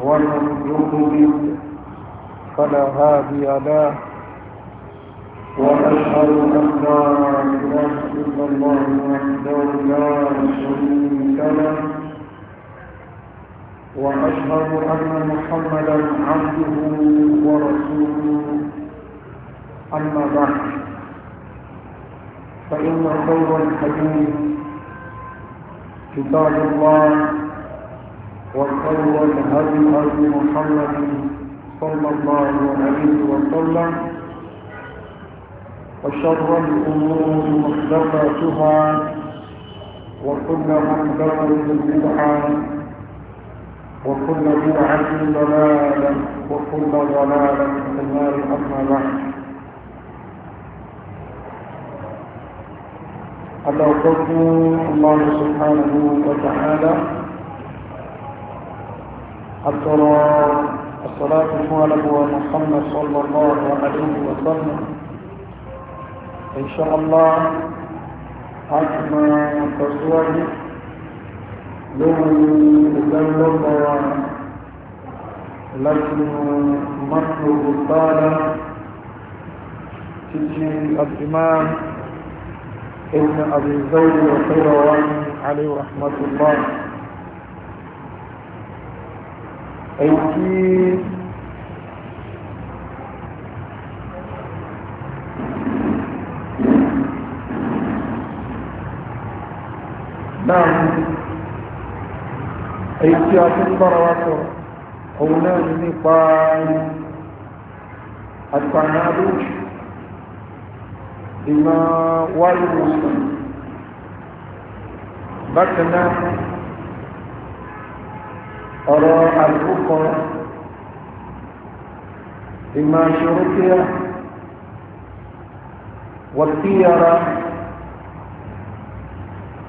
ومن يضلل فلا هادي له واشهد ان لا اله الا الله وحده لا شريك له واشهد ان محمدا عبده ورسوله اما بعد فان خير الحديث كتاب الله وصلى الهدي هدي محمد صلى الله عليه وسلم وشر الامور محدثاتها وكل محدثه بدعه وكل بدعه ضلاله وكل ضلاله في النار اما بعد الله سبحانه وتعالى أترى الصلاة على ومحمد صلى الله عليه وسلم إن شاء الله حكما تسوي لهم تدلق لكن مطلوب الطالة تجي الإمام ابن أبي زيد وخير عليه رحمة الله èyí tí náà èyí tí a tún bára wá sọ òun náà ní nípa àtàràdù ìmọ̀ wáyé wòsàn bákan ọ̀rọ̀ àlùkò ìmọ̀ àṣọrò kíá wọ̀tíyàrá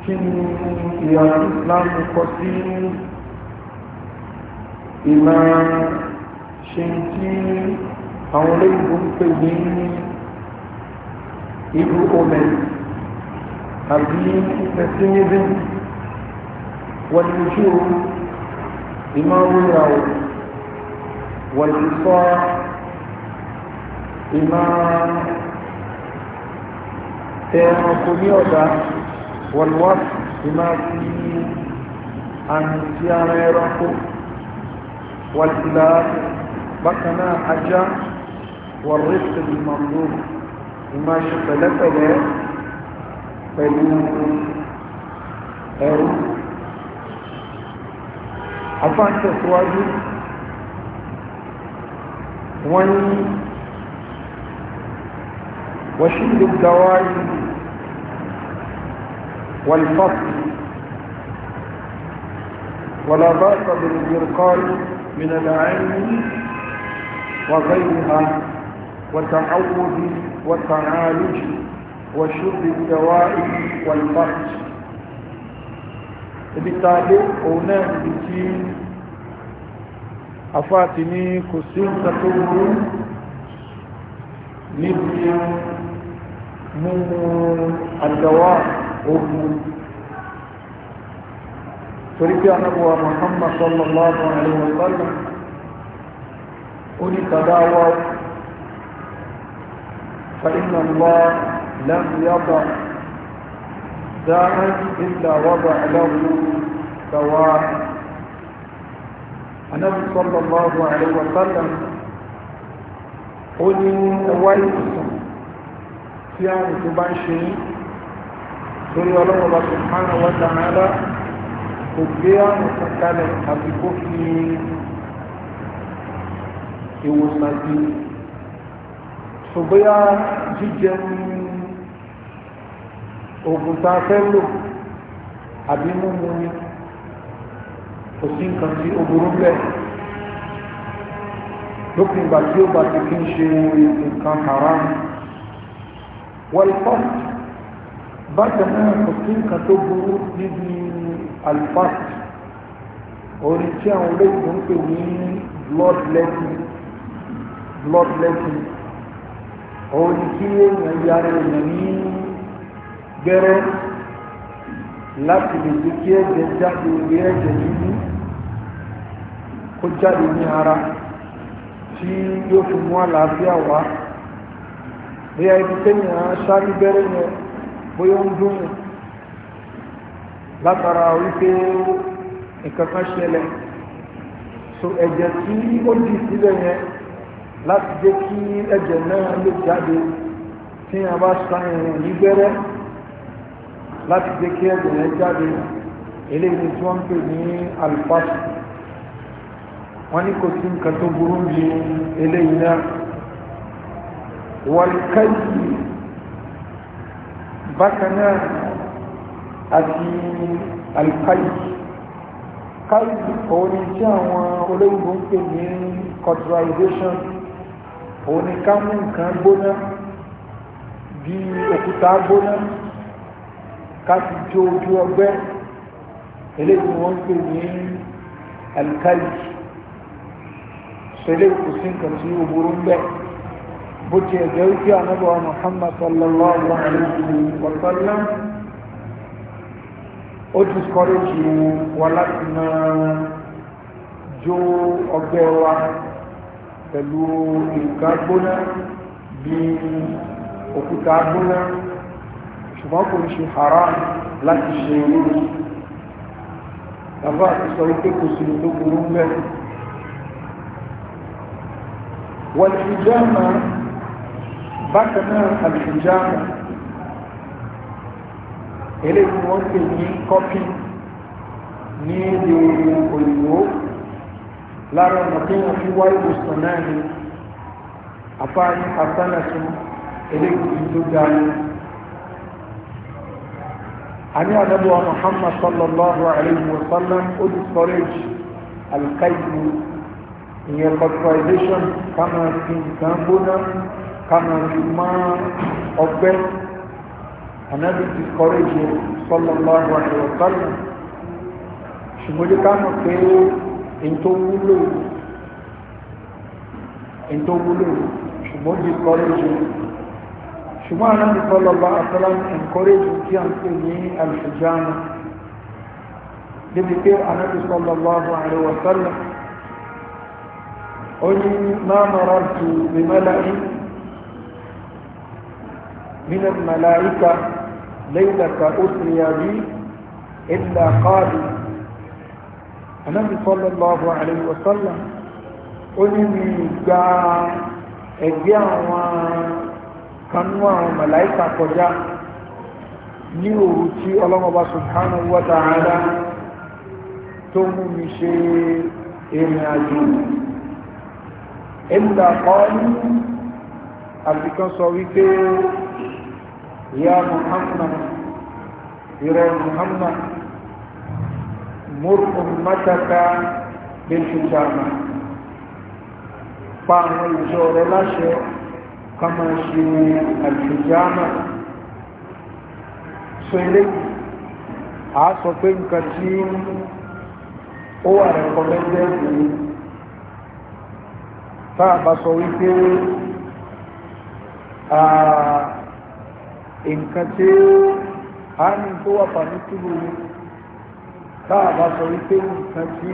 kí ni ìyàwó islam kọ sí ìmọ̀ ṣe tí àwọn olóyìnbó ń pè ní ìlú omen àbí pessimism wọ́n ni ojú oòrùn بما روى والإصار بما تأخذ والوصف بما فيه أن يتيار يرقه والإلاب بكنا حجا والرفق بالمنظور بما شفلت له فلوه أروه àfáà ń tẹ̀síwájú wọ́n ní وشد والفصل ولا بأس بالمرقال من العين وغيرها وتعوذ وتعالج وشرب الدواء والفرج ibi tàbí òun náà ibi tí afáàtì ní kò sí nǹkan tó burú níbi mímú àdáwà ogun torí pé anábọ̀wà Muhammad sallallahu alaihi wa sallam ó ní tàdáwà fa inna Allah داعا إلا وضع له دواء النبي صلى الله عليه وسلم ó ní ẹwà ìsìn tí àwọn tó bá ń ṣe yí torí ọlọ́wọ́ bá tó máa ń wọ́n dáadáa kò gbé àrùn kankalẹ̀ àti kó fi ìwòsàn sí ṣùgbọ́n jíjẹun oògùn tá a fẹ́ lò àbí múmu ni kò sí nǹkan tí ó burú bẹ́ẹ̀ lópin ìgbà tí ó bá ti kí ń ṣe nǹkan haram wọlpọ́t bákan náà kò sí nǹkan tó burú níbi alpart orin tí àwọn olóògùn ń pè ní bloodletting bloodletting orin tí èèyàn yára èèyàn ní gbẹ́rẹ́ láti lè jẹ́ kí ẹ̀jẹ̀ jáde rí ẹ̀jẹ̀ dúdú kó jáde ní ara tí yóò fi mú àlàáfíà wá bí a ibi tẹ́yìn à ń sáré bẹ́rẹ̀ yẹn bóyá ń dún yẹn látara wípé nǹkan kan ṣẹlẹ̀ so ẹ̀jẹ̀ tí ó dì sílẹ̀ yẹn láti jẹ́ kí ẹ̀jẹ̀ náà lè jáde tí a bá sáyẹn ní bẹ́rẹ̀ láti jẹ́ kí ẹ̀dùn yẹn jáde eléyìí tí wọ́n ń pè ní alifásù wọ́n ní kò sí nǹkan tó burú bí eléyìí náà wàlùkáyì bákan náà àti alifáyì káyì òun ni tí àwọn olóyìnbó ń pè ní cauterization òun ni ká mú nǹkan gbóná bí òkúta gbóná káfí jó ojú ọgbẹ́ eléyìí wọ́n pè ní alikali sọlẹ̀ kò sí nǹkan tí ó burú bẹ́ẹ̀ bó ti ẹ̀jẹ̀ wípé anábọ̀ Muhammad sallallahu alayhi wa sallam ó ti kọ́rẹ́jì wa láti máa jó ọgbẹ́ wa pẹ̀lú nǹkan gbóná òkúta gbóná ṣùgbọ́n kò ń ṣe haram láti ṣe irú bàbá àti sọ wípé kò sí ló burú bẹ́ẹ̀ wọ́n ti jẹ́ ọ̀nà bákan náà àlùjáàmù eléyìí wọ́n pè ní kọ́pì ní èdè òyìnbó lára ọ̀nà tí wọ́n fi wá ìwòsàn náà ni àfáàní àtàlàtún eléyìí tó dáa ani anabi wa muhammad sallallahu alayhi wa sallam o discourage alkaidu ìyẹn fertilization kama fi nǹkan gbóná kama fi má ọgbẹ́ anabi discourage sallallahu alayhi wa sallam ṣùgbọ́n jẹ́ ká mọ̀ pé èyí tó wúlò èyí tó wúlò ṣùgbọ́n discourage ṣùgbọ́n anábi sọ́lọ́lá asọ́lám encourage tí a ń pè ní alhijama débi pé anábi sọ́lọ́lá àrẹwà sọ́lọ́ ó ní máa bí mẹ́láì من الملائكة ليلة أسري بي إلا قالوا النبي صلى الله عليه وسلم قل من جاء ẹgbẹ́ àwọn kanú àwọn màláìkà kọjá ní òru tí ọlọ́mọba subhanahu wa ta'ala tó mú mi ṣe ìrìn àjò ìlà kọ́ọ̀lù àfikán sọ wípé ya muhammad ìrẹ muhammad murkun mátaka bí ṣùgbọ́n pa àwọn ká máa ṣe àlùjáàmà sọ eléyìí a sọ pé nǹkan tí ó wà rẹ̀kọ́mẹ́ndẹ́ ìlú tá a bá sọ wípé nǹkan tí a ní tó wà pàmí túbú tá a bá sọ wípé nǹkan tí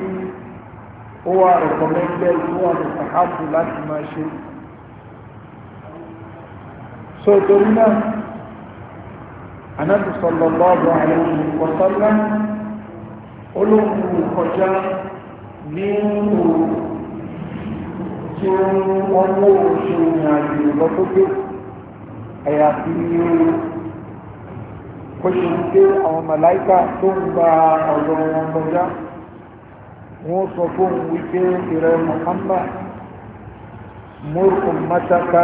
ó wà rẹ̀kọ́mẹ́ndẹ́ ìlú wà ní sàhábù láti máa ṣe so torí náà anábì sallallahu alaihi wa sallam olóògùn kọjá ní òòrùn tí ó ń wọ́n mú òṣèlú ìrìnàjò lọ́tọ́gbé àyàfi kó ṣe ń gbé àwọn wọ́n sọ fún wípé ìrẹ́ Muhammad mú ọmọ mátàkà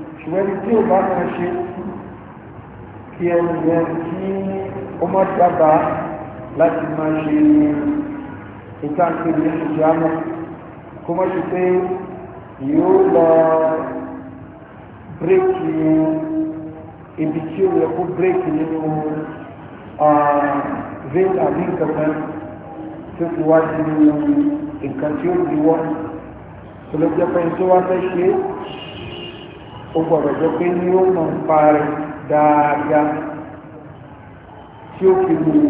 ṣùgbọ́n ẹni tí ò bá máa ṣe kí ẹni yẹn kí ó má dábàá láti máa ṣe ìtànkiri ìṣẹ́ àmọ́ kó má ṣe pé yóò lọ bírèkì ibi tí ó yẹ kó bírèkì nínú vein àbí nǹkan kan tó fi wá sí nǹkan tí ó di wọ́n tó ló jẹ́ pé tó wá fẹ́ ṣe ó gbọ́dọ̀ jẹ́ pé ní ó mọ̀ ń parí dáadáa tí ó fi lè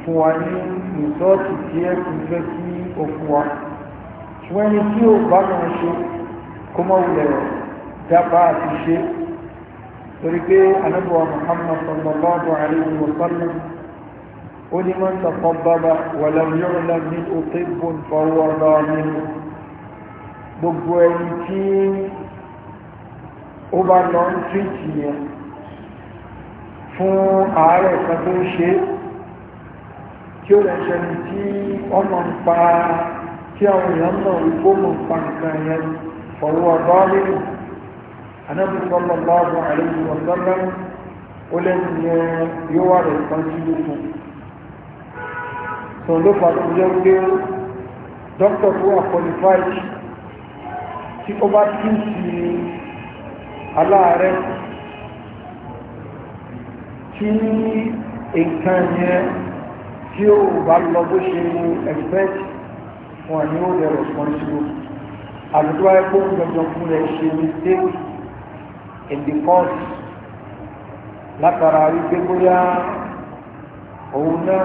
fún wa ní rìsọ́ọ̀tì tí ẹ fi fẹ́ kí ó fún wa ṣùgbọ́n ẹni tí ó bá kan ṣe kó mọ̀ wulẹ̀ dábàá àti ṣe torí pé anábọ̀ Muhammad sallallahu alayhi wa sallam ó ní mọ́ ń tàkọ́ bábá wà lọ́wọ́ ní ó tẹ́gbọ́n fọwọ́ bá nínú gbogbo ẹni tí ó bá lọ ń tírìtì yẹn fún ààrẹ kan tó ń ṣe tí ó lẹ́ṣẹ́ ni tí ọmọ ń pa tí àwọn èèyàn náà rí fóònù pa nǹkan yẹn fọ̀rọ̀ ọ̀dọ́ nínú anábì sọ́lọ̀ lọ́wọ́ àlejò ọ̀sọ́lọ́ ó lẹ́nu yẹn yóò wà rẹ̀ kan sí lóko tòun ló fà tó jẹ́ pé dókítà tó wà qualified tí ó bá tún sí aláàárẹ̀ tí nǹkan yẹn tí ó bá lọ bó ṣe ní expect wọn ni ó dẹ̀ responsible àdúgbò ẹgbẹ́ gbogbo fún rẹ̀ ṣe mistake in the course látara wípé bóyá òun náà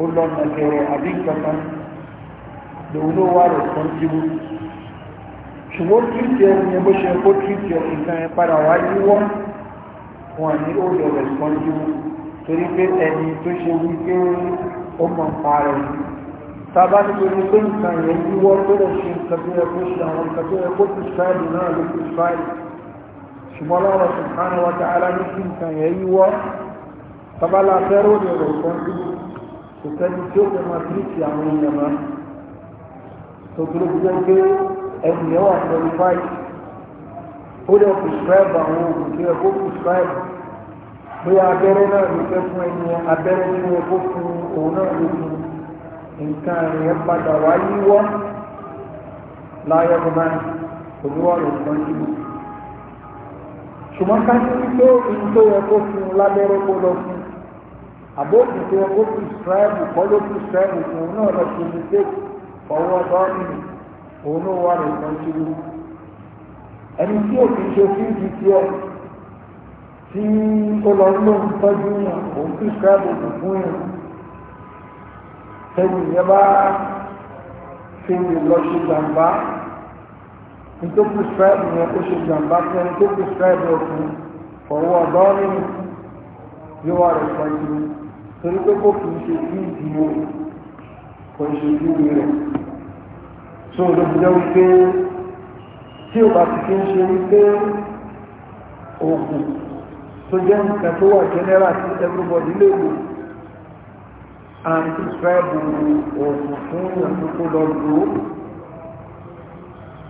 ó lọ nàkẹrẹ àbí lòun ló wà responsible ṣùgbọ́n tírìtì ẹni ẹ bó ṣe kó tírìtì ọ̀sìn kan ẹ padà wá yíwọ́ wọn ní ó lè rẹ̀spọ́njú torí pé ẹni tó ṣe wípé ó mọ̀ ń parẹ́ tábà nítorí pé nǹkan yẹn yíwọ́ tó lè ṣe nǹkan tó yẹ kó ṣe àwọn nǹkan tó yẹ kó àwọn èèyàn ẹni yẹn wà qualified ó lè prescribe àwọn oògùn tí ẹ kó prescribe bóyá abẹ́rẹ́ náà ló fẹ́ fún ẹni yẹn abẹ́rẹ́ tí wọ́n kó fún òun náà ló fún nǹkan yẹn padà wá yíwọ́ láyé ọmọ náà olúwa ló fún ẹni yẹn ṣùgbọ́n ká ní wípé ohun tó yẹ kó fún lábẹ́rẹ́ kó lọ fún àbókùn tó kó prescribe kọ́ ló prescribe fún òun náà lọ fún mi dé ọwọ́ dọ́ọ̀nì òun ló wà ní ìtọ́jú ẹni tí ò kìí ṣe fún ìdí tí ẹ tí ó lọ ló ń tọ́jú yàn òun tí sкраb òkú fún yàn tẹ́lú ìyẹn bá fi lè lọ ṣe jàǹbá ní tó kú sкраb yẹn ó ṣe jàǹbá fún ẹni tó kú sкраb ọkùn ọ̀wọ́ ọ̀dọ́ nínú yóò wà rẹ̀ pẹ̀lú torí pé kò kìí ṣe fún ìdí rẹ̀ kò ṣe fún ìdí so ló fi jẹ́ wípé tí o bá ti kí ń ṣe wípé oògùn tó jẹ́ nǹkan tó wà general tí everybody lè lò and prescribe oògùn fún ìyàtọ̀ kó lọ lò ó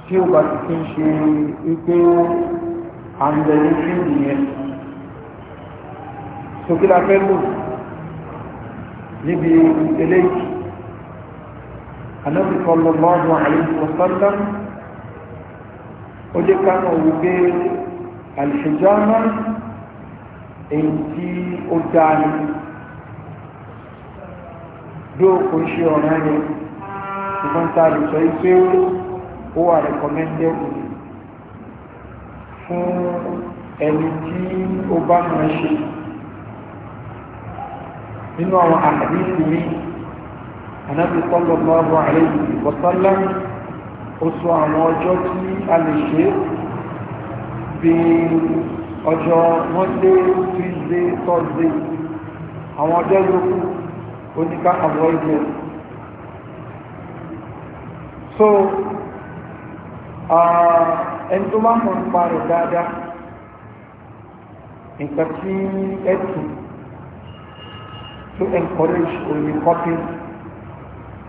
tí o bá ti kí ń ṣe wípé àǹdẹ̀lú sí ìyẹn so fẹ́ lò níbi eléyìí anábì sallallahu alayhi wa sallam ó jẹ́ ká mọ̀ wípé alhijama èyí tí ó dáa ni bí ó kò ṣe ọ̀ràn yẹn ṣùgbọ́n tá a lè sọ pé ó wà recommended fún ẹni tí ó bá máa ṣe nínú àwọn àdéhùn mi anábì sallallahu الله wa sallam ó sọ على ọjọ́ tí a lè ṣe bí ọjọ́ monday tuesday thursday àwọn ọjọ́ yòókù oníká àwọn so ẹni tó máa mọ̀ nípa rẹ̀ dáadáa nǹkan ẹ̀tù tó encourage òyìnbó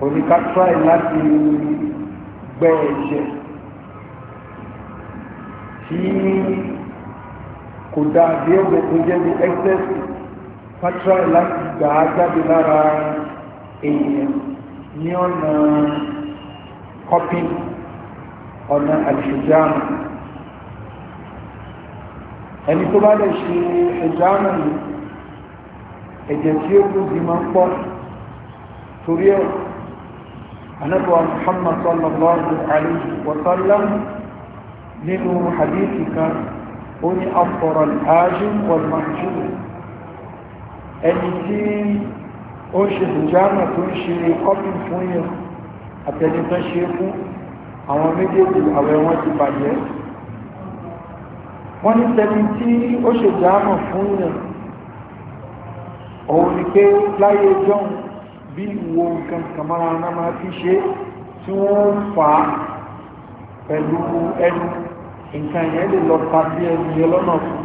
oníkátúráì láti gbẹ́ ẹ̀jẹ̀ tí kò dáadé ẹ̀jẹ̀ tó jẹ́ ní ẹ́sẹ̀sì kátúráì láti gbà á jáde lára èèyàn ní ọ̀nà kọ́pìn ọ̀nà àlìṣèjáàmù ẹni tó bá lè ṣe ẹ̀jáàmù yìí ẹ̀jẹ̀ tí ó kú di máa ń pọ̀ torí ẹ̀ anábọ̀ muhammad sallallahu alayhi wa sallam nínú hadithi kan ó ní afọ̀rọ̀ ààjú wọlmájú ẹni tí ó ṣe hijama tó ń ṣe kọ́pìn fún yẹn àtẹni tó ṣe fún àwọn ti bàjẹ́ wọ́n ní tẹni tí ó ṣe hijama fún yẹn òun ni pé láyé jọun bí ìwo nǹkan kàmára náà máa fi ṣe tí wọ́n fà á pẹ̀lú ẹnu nǹkan yẹn lè lọ ta sí ẹnu yẹn lọ́nà fún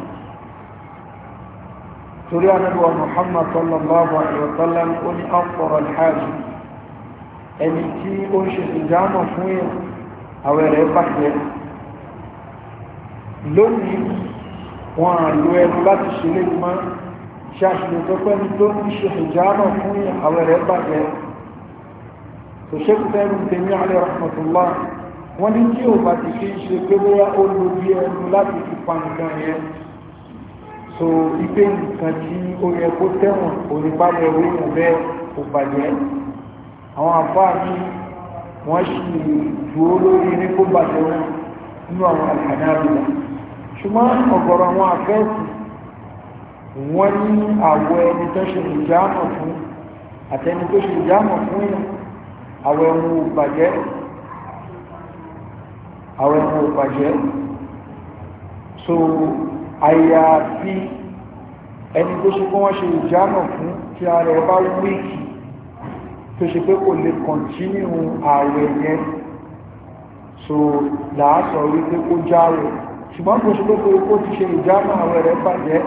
torí anábíwá Muhammad sallallahu alaihi wa sallam ó ní ọ̀pọ̀rọ̀ alhaji ẹni tí ó ń ṣe ìdámọ̀ fún yẹn àwọn ẹ̀rẹ́ bàjẹ́ lónìí wọn àlò ẹnu láti ṣe lè máa ṣàṣìlò tó pẹ́ ní tó ń ṣe ìjáàmà fún àwọn ẹ̀rẹ́ bàjẹ́ tó ṣékù tẹ́rù tèmi alẹ́ rahmatulá wọ́n ní tí ò bá ti fi ṣe pé bóyá ó lo bí ẹnu láti fi pa nǹkan yẹn so ipe nǹkan tí ó yẹ kó tẹ̀wọ̀n ònípalẹ̀ orí ìwẹ́ ò bàjẹ́ àwọn àfáà ní wọ́n ní àwọ̀ ẹni tó ṣe ìjáàmọ̀ fún àtẹni tó ṣe ìjáàmọ̀ fún yàn àwọ̀ ẹ̀wọ̀n ò bàjẹ́ àwọ̀ ẹ̀wọ̀n ò bàjẹ́ so àyàfi ẹni tó ṣe kọ́ wọ́n ṣe ìjáàmọ̀ fún tí ara ẹ bá wíìkì tó ṣe pé kò lè kọ̀ntínú ààrẹ yẹn so làásọ̀ wípé kó járe ṣùgbọ́n kò ṣe pé kó ti ṣe ìjáàmọ̀ ààrẹ rẹ̀ bàjẹ́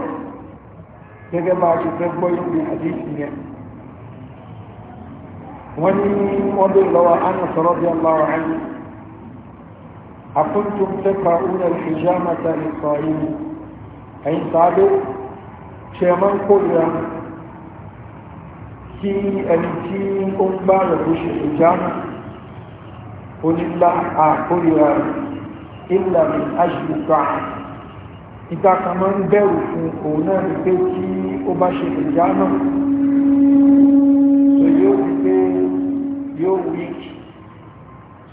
gẹ́gẹ́ bá a ṣe fẹ́ gbọ́ ìlú àdéhùn yẹn wọ́n ní wọ́n lè lọ́wọ́ ánà sọ̀rọ̀ bí aláwọ̀ ánì àkúntùm tẹ́ka únà ìṣẹ́jámàtà ìsọ̀yìn ẹ̀yìn sáábé ṣe máa ń kórìíra kí ẹni tí ó ń bá rẹ̀ ló ṣe ìjánu onílà àkórìíra ìlànà àṣìkò ìgbà kan máa ń bẹ̀rù fún òun náà ni pé kí ó bá ṣe ìjà náà so yóò fi pé yóò wíìkì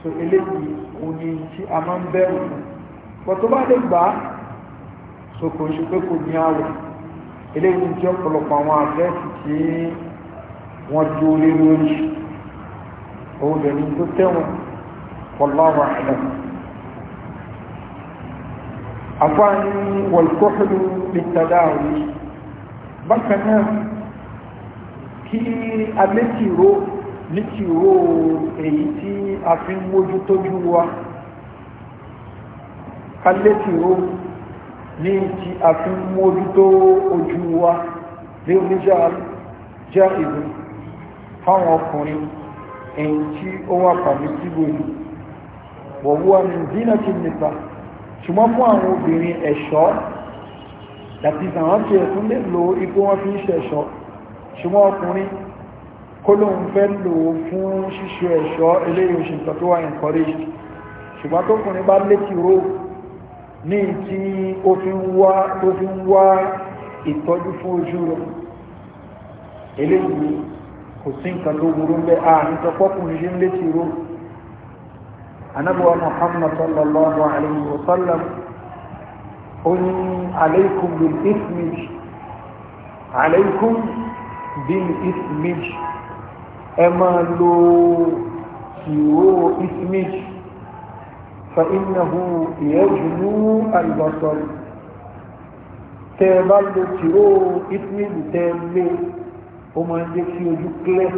so eléyìí òun ni tí a máa ń bẹ̀rù fún pọ̀ tó bá lè gbà á so kò ń ṣe pé kò ní àwẹ̀ eléyìí jẹ́ ọ̀pọ̀lọpọ̀ àwọn àdírẹ́sì tí wọ́n ju olé lórí òun lè ní tó tẹ̀wọ̀n pọ̀lọ́rọ̀ àìlẹ́mọ̀ àfáàní wọ̀lùkọ́hùlù lè tàdáàrí bákan náà kí a létìró létìró èyí tí a fi ń mójú tójú wa ká létìró ní tí a fi ń mójú tó ojú wa lé oníjà ìlú fáwọn ọkùnrin èyí tí ó wà pàmí síbò ní wọ̀wọ́ àmì ìdínà kí nípa ṣùgbọ́n mú àwọn obìnrin ẹ̀ṣọ́ dàbí àwọn tí ẹ̀tún lè lo ipò wọn fi ń ṣẹ̀ṣọ́ ṣùgbọ́n ọkùnrin kó lóun fẹ́ lò fún ṣíṣe ẹ̀ṣọ́ eléyìí òṣìṣẹ́ tó wà encouraged ṣùgbọ́n tókùnrin bá létí ro ní tí ó fi ń wá tó fi ń wá ìtọ́jú fún ojú rẹ̀ eléyìí kò sí nǹkan tó burú anabuwa muhammad sallallahu alayhi wa sallam ó ní aleikum bil ismij aleikum bil ismij ẹ máa lo ìró ismij fa innahu yajnu albasar tẹ bá lo tìró ismij tẹ lé ó máa ń kí ojú kílẹ̀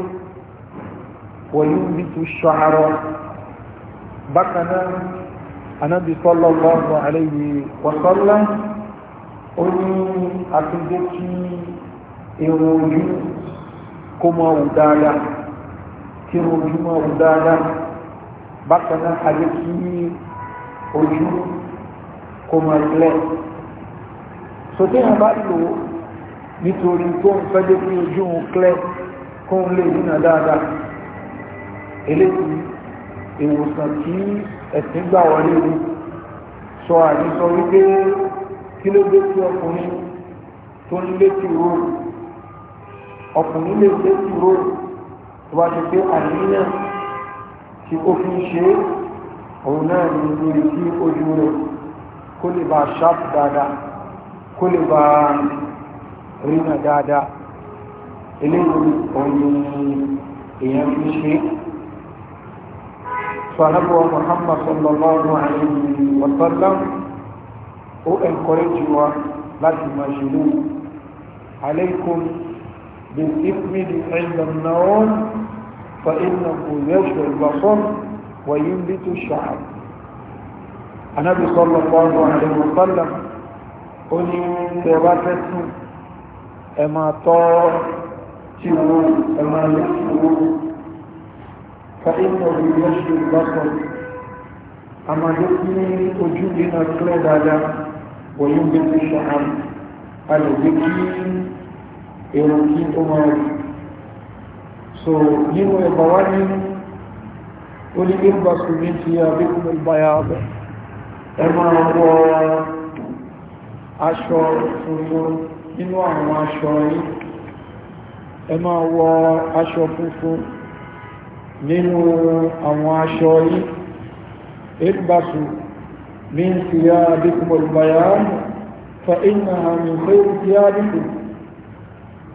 wọ̀nyí ń bí tu ṣọ́ àárọ̀ bákaná anábi sallallahu alayhi wa sallam ó ní àtúndé kí èrò ojú kó mọ́ wù dáadáa kí èrò ojú mọ́ wù dáadáa bákaná àdé kí ojú kó mọ́ ilẹ̀ sọtẹ́ àbá lò nítorí tó ń fẹ́ dé kí ojú ń klẹ́ kó ń lè nínà dáadáa ìwòsàn tí ẹ̀sìn gbà wọlé ni sọ àdìsọ wípé kí ló dé tí ọkùnrin tó ń létí ro ọkùnrin lè létí ro tó bá ṣe pé àníyàn tí ó fi ń ṣe òun náà ní ìrírí sí ojú rẹ̀ kó lè bá ṣáàpù dáadáa kó lè bá rìnà dáadáa eléyìí òun ni èèyàn fi ṣe é sọ̀nàbọ̀ Muhammad sallallahu alayhi wa sallam ó ẹ̀kọ́rẹ́jì wa láti máa ṣe ló alaykum bí ìpínlẹ̀ ìlànà náà fa iná kò yẹ́ṣọ̀ ìgbàsọ́n wàyí ń bí tó ṣàá anábì sallallahu alayhi wa sallam ó ní tẹ̀wá tẹ́sùn ẹ̀ tọ́ tí wo ẹ̀ lè fi owó فإنه يشفي البصر أما يبني وجودنا كلابا وينبت الشعر الذكي إيروكي أماري so nínú ẹ̀bà wá ní olùgbébàsù ní ti àbíkún ìbáyà abẹ́ ẹ máa wọ aṣọ funfun nínú àwọn aṣọ yìí ẹ máa wọ aṣọ funfun nínú àwọn aṣọ yìí ìbáṣù ní ìfìyà àdíkùnmọ̀lù bayan fa iná àmì pé ìfìyà àdíkù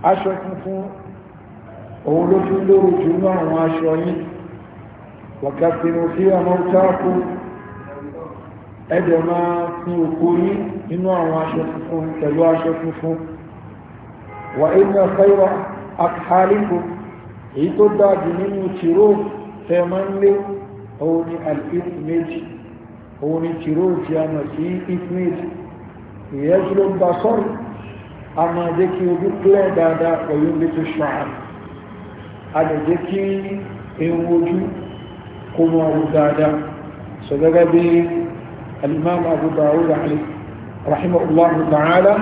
aṣọ funfun òun ló fi lórí jù ní àwọn aṣọ yìí máa fi òkú yí nínú àwọn aṣọ funfun pẹ̀lú aṣọ funfun wà iná fẹ́wà àkàlìkùn èyí tó dájú nínú tìró tẹ́mọ́ ń lé òun ni alifmage òun ni tìró tí a mọ̀ sí ifmage ìyẹn tí ló ń bá sọ́rọ̀ a máa jẹ́ kí ojú pẹ́ dáadáa pẹ̀lú ilé tó ṣàá a lè jẹ́ kí ewu ojú kó mọ ọrùn dáadáa sọ gẹ́gẹ́ bí alimami Abu Dawud alayhi rahimahullahu ta'ala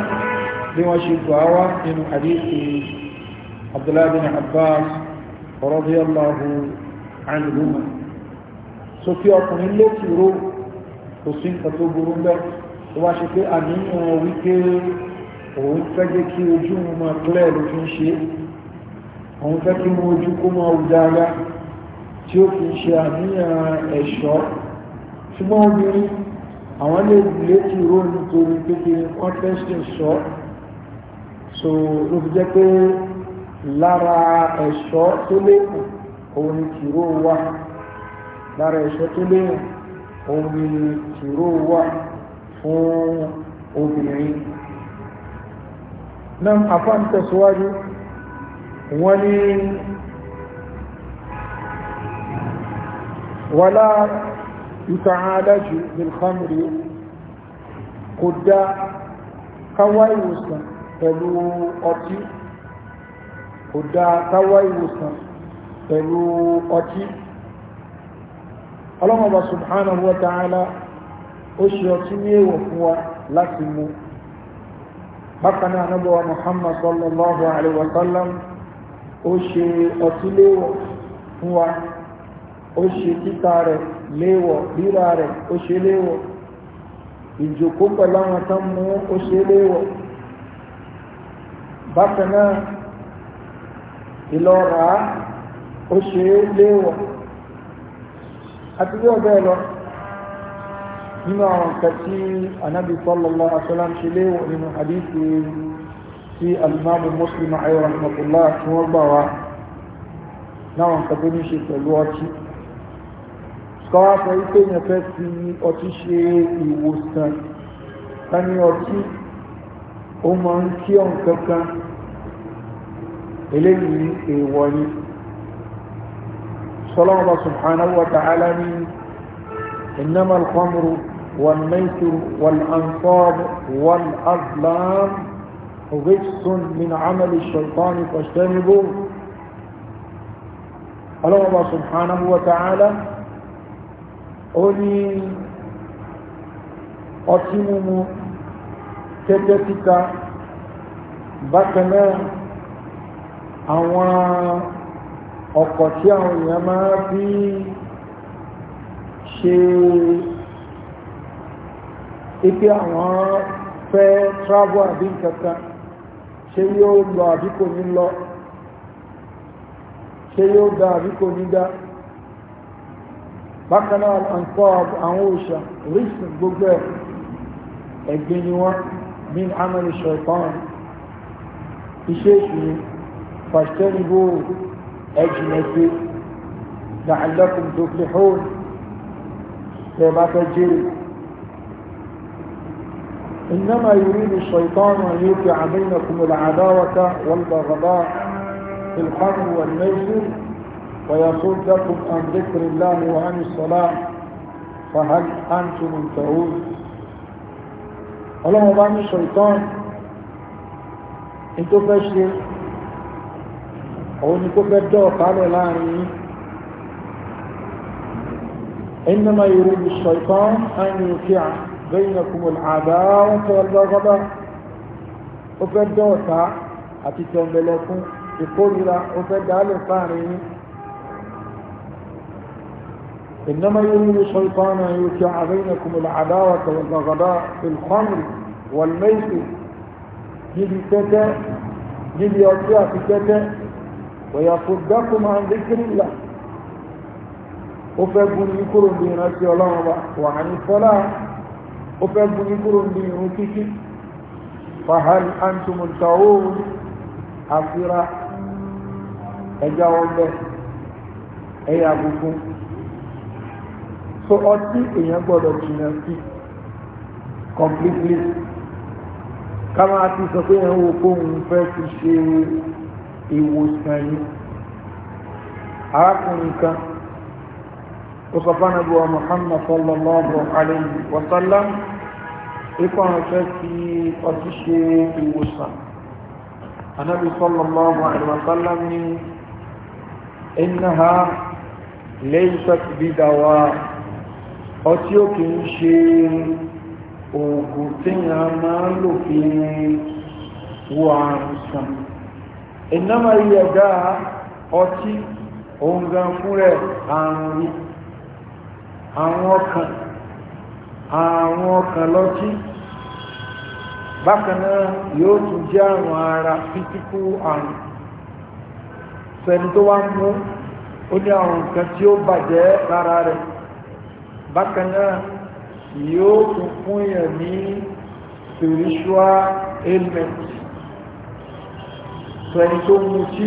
bí wọ́n ṣe gbà wá nínú àdéhùn Abdullahi bin Abbas رضي الله عنهما sókè ọkùnrin létí ró kò sí nǹkan tó burú bẹ́ẹ̀ tó wá ṣe pé àníyàn wípé òun fẹ́ jẹ́ kí ojú wọn máa clear ló fi ń ṣe òun fẹ́ kí wọn ojú kó máa wù dáadáa tí ó fi ń ṣe àníyàn ẹ̀ṣọ́ ṣùgbọ́n obìnrin àwọn lè létí ró nítorí pé kí wọ́n fẹ́ ṣe sọ so ló fi jẹ́ pé lára ẹ̀ṣọ́ tó léwu òun ni tìró wà lára ẹ̀ṣọ́ tó léwu òun ni tìró wà fún obìnrin náà afá ń tẹ̀síwájú wọ́n ní wàlá ìtàhálàjù bilhamri kò dá káwá ìwòsàn pẹ̀lú ọtí kò dáa káwá ìwòsàn pẹ̀lú ọtí ọlọ́mọba subhanahu wa ta'ala ó ṣe ọtí ní èèwọ̀ fún wa láti mú bákan náà sallallahu alaihi wa ó ṣe ọtí léèwọ̀ fún wa ó ṣe títà rẹ̀ léèwọ̀ rírà rẹ̀ ó ṣe léèwọ̀ ìjòkó pẹ̀lú àwọn tán mú ó ṣe léèwọ̀ ìlọ́ra ó ṣe é léwọ̀ àti bí ọ̀bẹ́ lọ nínú àwọn nǹkan tí anábì sallallahu alaihi wasallam ṣe léwọ̀ nínú hadithi tí alimamu muslim ayọ̀ rahmatullah tí wọ́n gbà wá náwọn nǹkan tó ní ṣe pẹ̀lú ọtí kọ́wá eléyìí èèwọ̀ ni sọlọ́mọba subhanahu wa ta'ala ni innama al-khamru wal-maysiru wal-ansab wal-azlam rijsun min amali shaytani fajtanibu ọlọ́mọba subhanahu wa ta'ala ó ní ọtí mímu tẹ́tẹ́ títa bákan àwọn ọkọ̀ tí àwọn èèyàn máa bí ṣe ipé àwọn fẹ́ travel àbí nǹkankan ṣe yóò lọ àbí kò lọ ṣe yóò dá àbí kò ní dá bákanáà àǹkọ́ àwọn òṣà rísìn gbogbo ẹ̀gbìn ni wọ́n ní iṣẹ́ فاجتنبوا أجنبي لعلكم تفلحون كما تجري إنما يريد الشيطان أن يوقع بينكم العداوة والبغضاء في الحرب والميسر ويصدكم عن ذكر الله وعن الصلاة فهل أنتم انتهون اللهم بان الشيطان انتم فاشل òun ni kó fẹ́ dọ́ إنما يريد الشيطان أن يوقع بينكم العداوة والبغضاء إنما يريد الشيطان أن يوقع بينكم العداوة والبغضاء في الخمر والميت níbi tẹ́tẹ́ níbi ọtí ويصدكم عن ذكر الله وفبن يكرم بنفس الله وعن الصلاة وفبن يكرم بنفسك فهل أنتم منتعون أفرا أجاوب به أي أبوكم so ọtí èèyàn gbọ́dọ̀ jìnnà sí completely ká máa ti sọ pé ìwòsàn ni arákùnrin kan ó sọ fún ànábì wa Muhammad sallallahu alayhi wa sallam ikọ̀ ránṣẹ́ fi ọtí ṣe ìwòsàn ànábì sallallahu alayhi wa sallam ní innaha laysat bidawa ọtí ó kìí ṣe oògùn tí a máa lò fi wo àrùn sàn ìnáma ìyẹ̀dá ọtí ohun gan fún rẹ̀ àrùn ní àwọn ọkàn àwọn ọkàn lọ́tí bákanáà yóò tún jẹ́ àrùn ara fítíkú àrùn sẹni tó wá mú ó ní àwọn nǹkan tí ó bàjẹ́ lára rẹ̀ bákanáà yóò tún fún yẹ̀ ní spiritual ailment sọ ẹni tó mú tí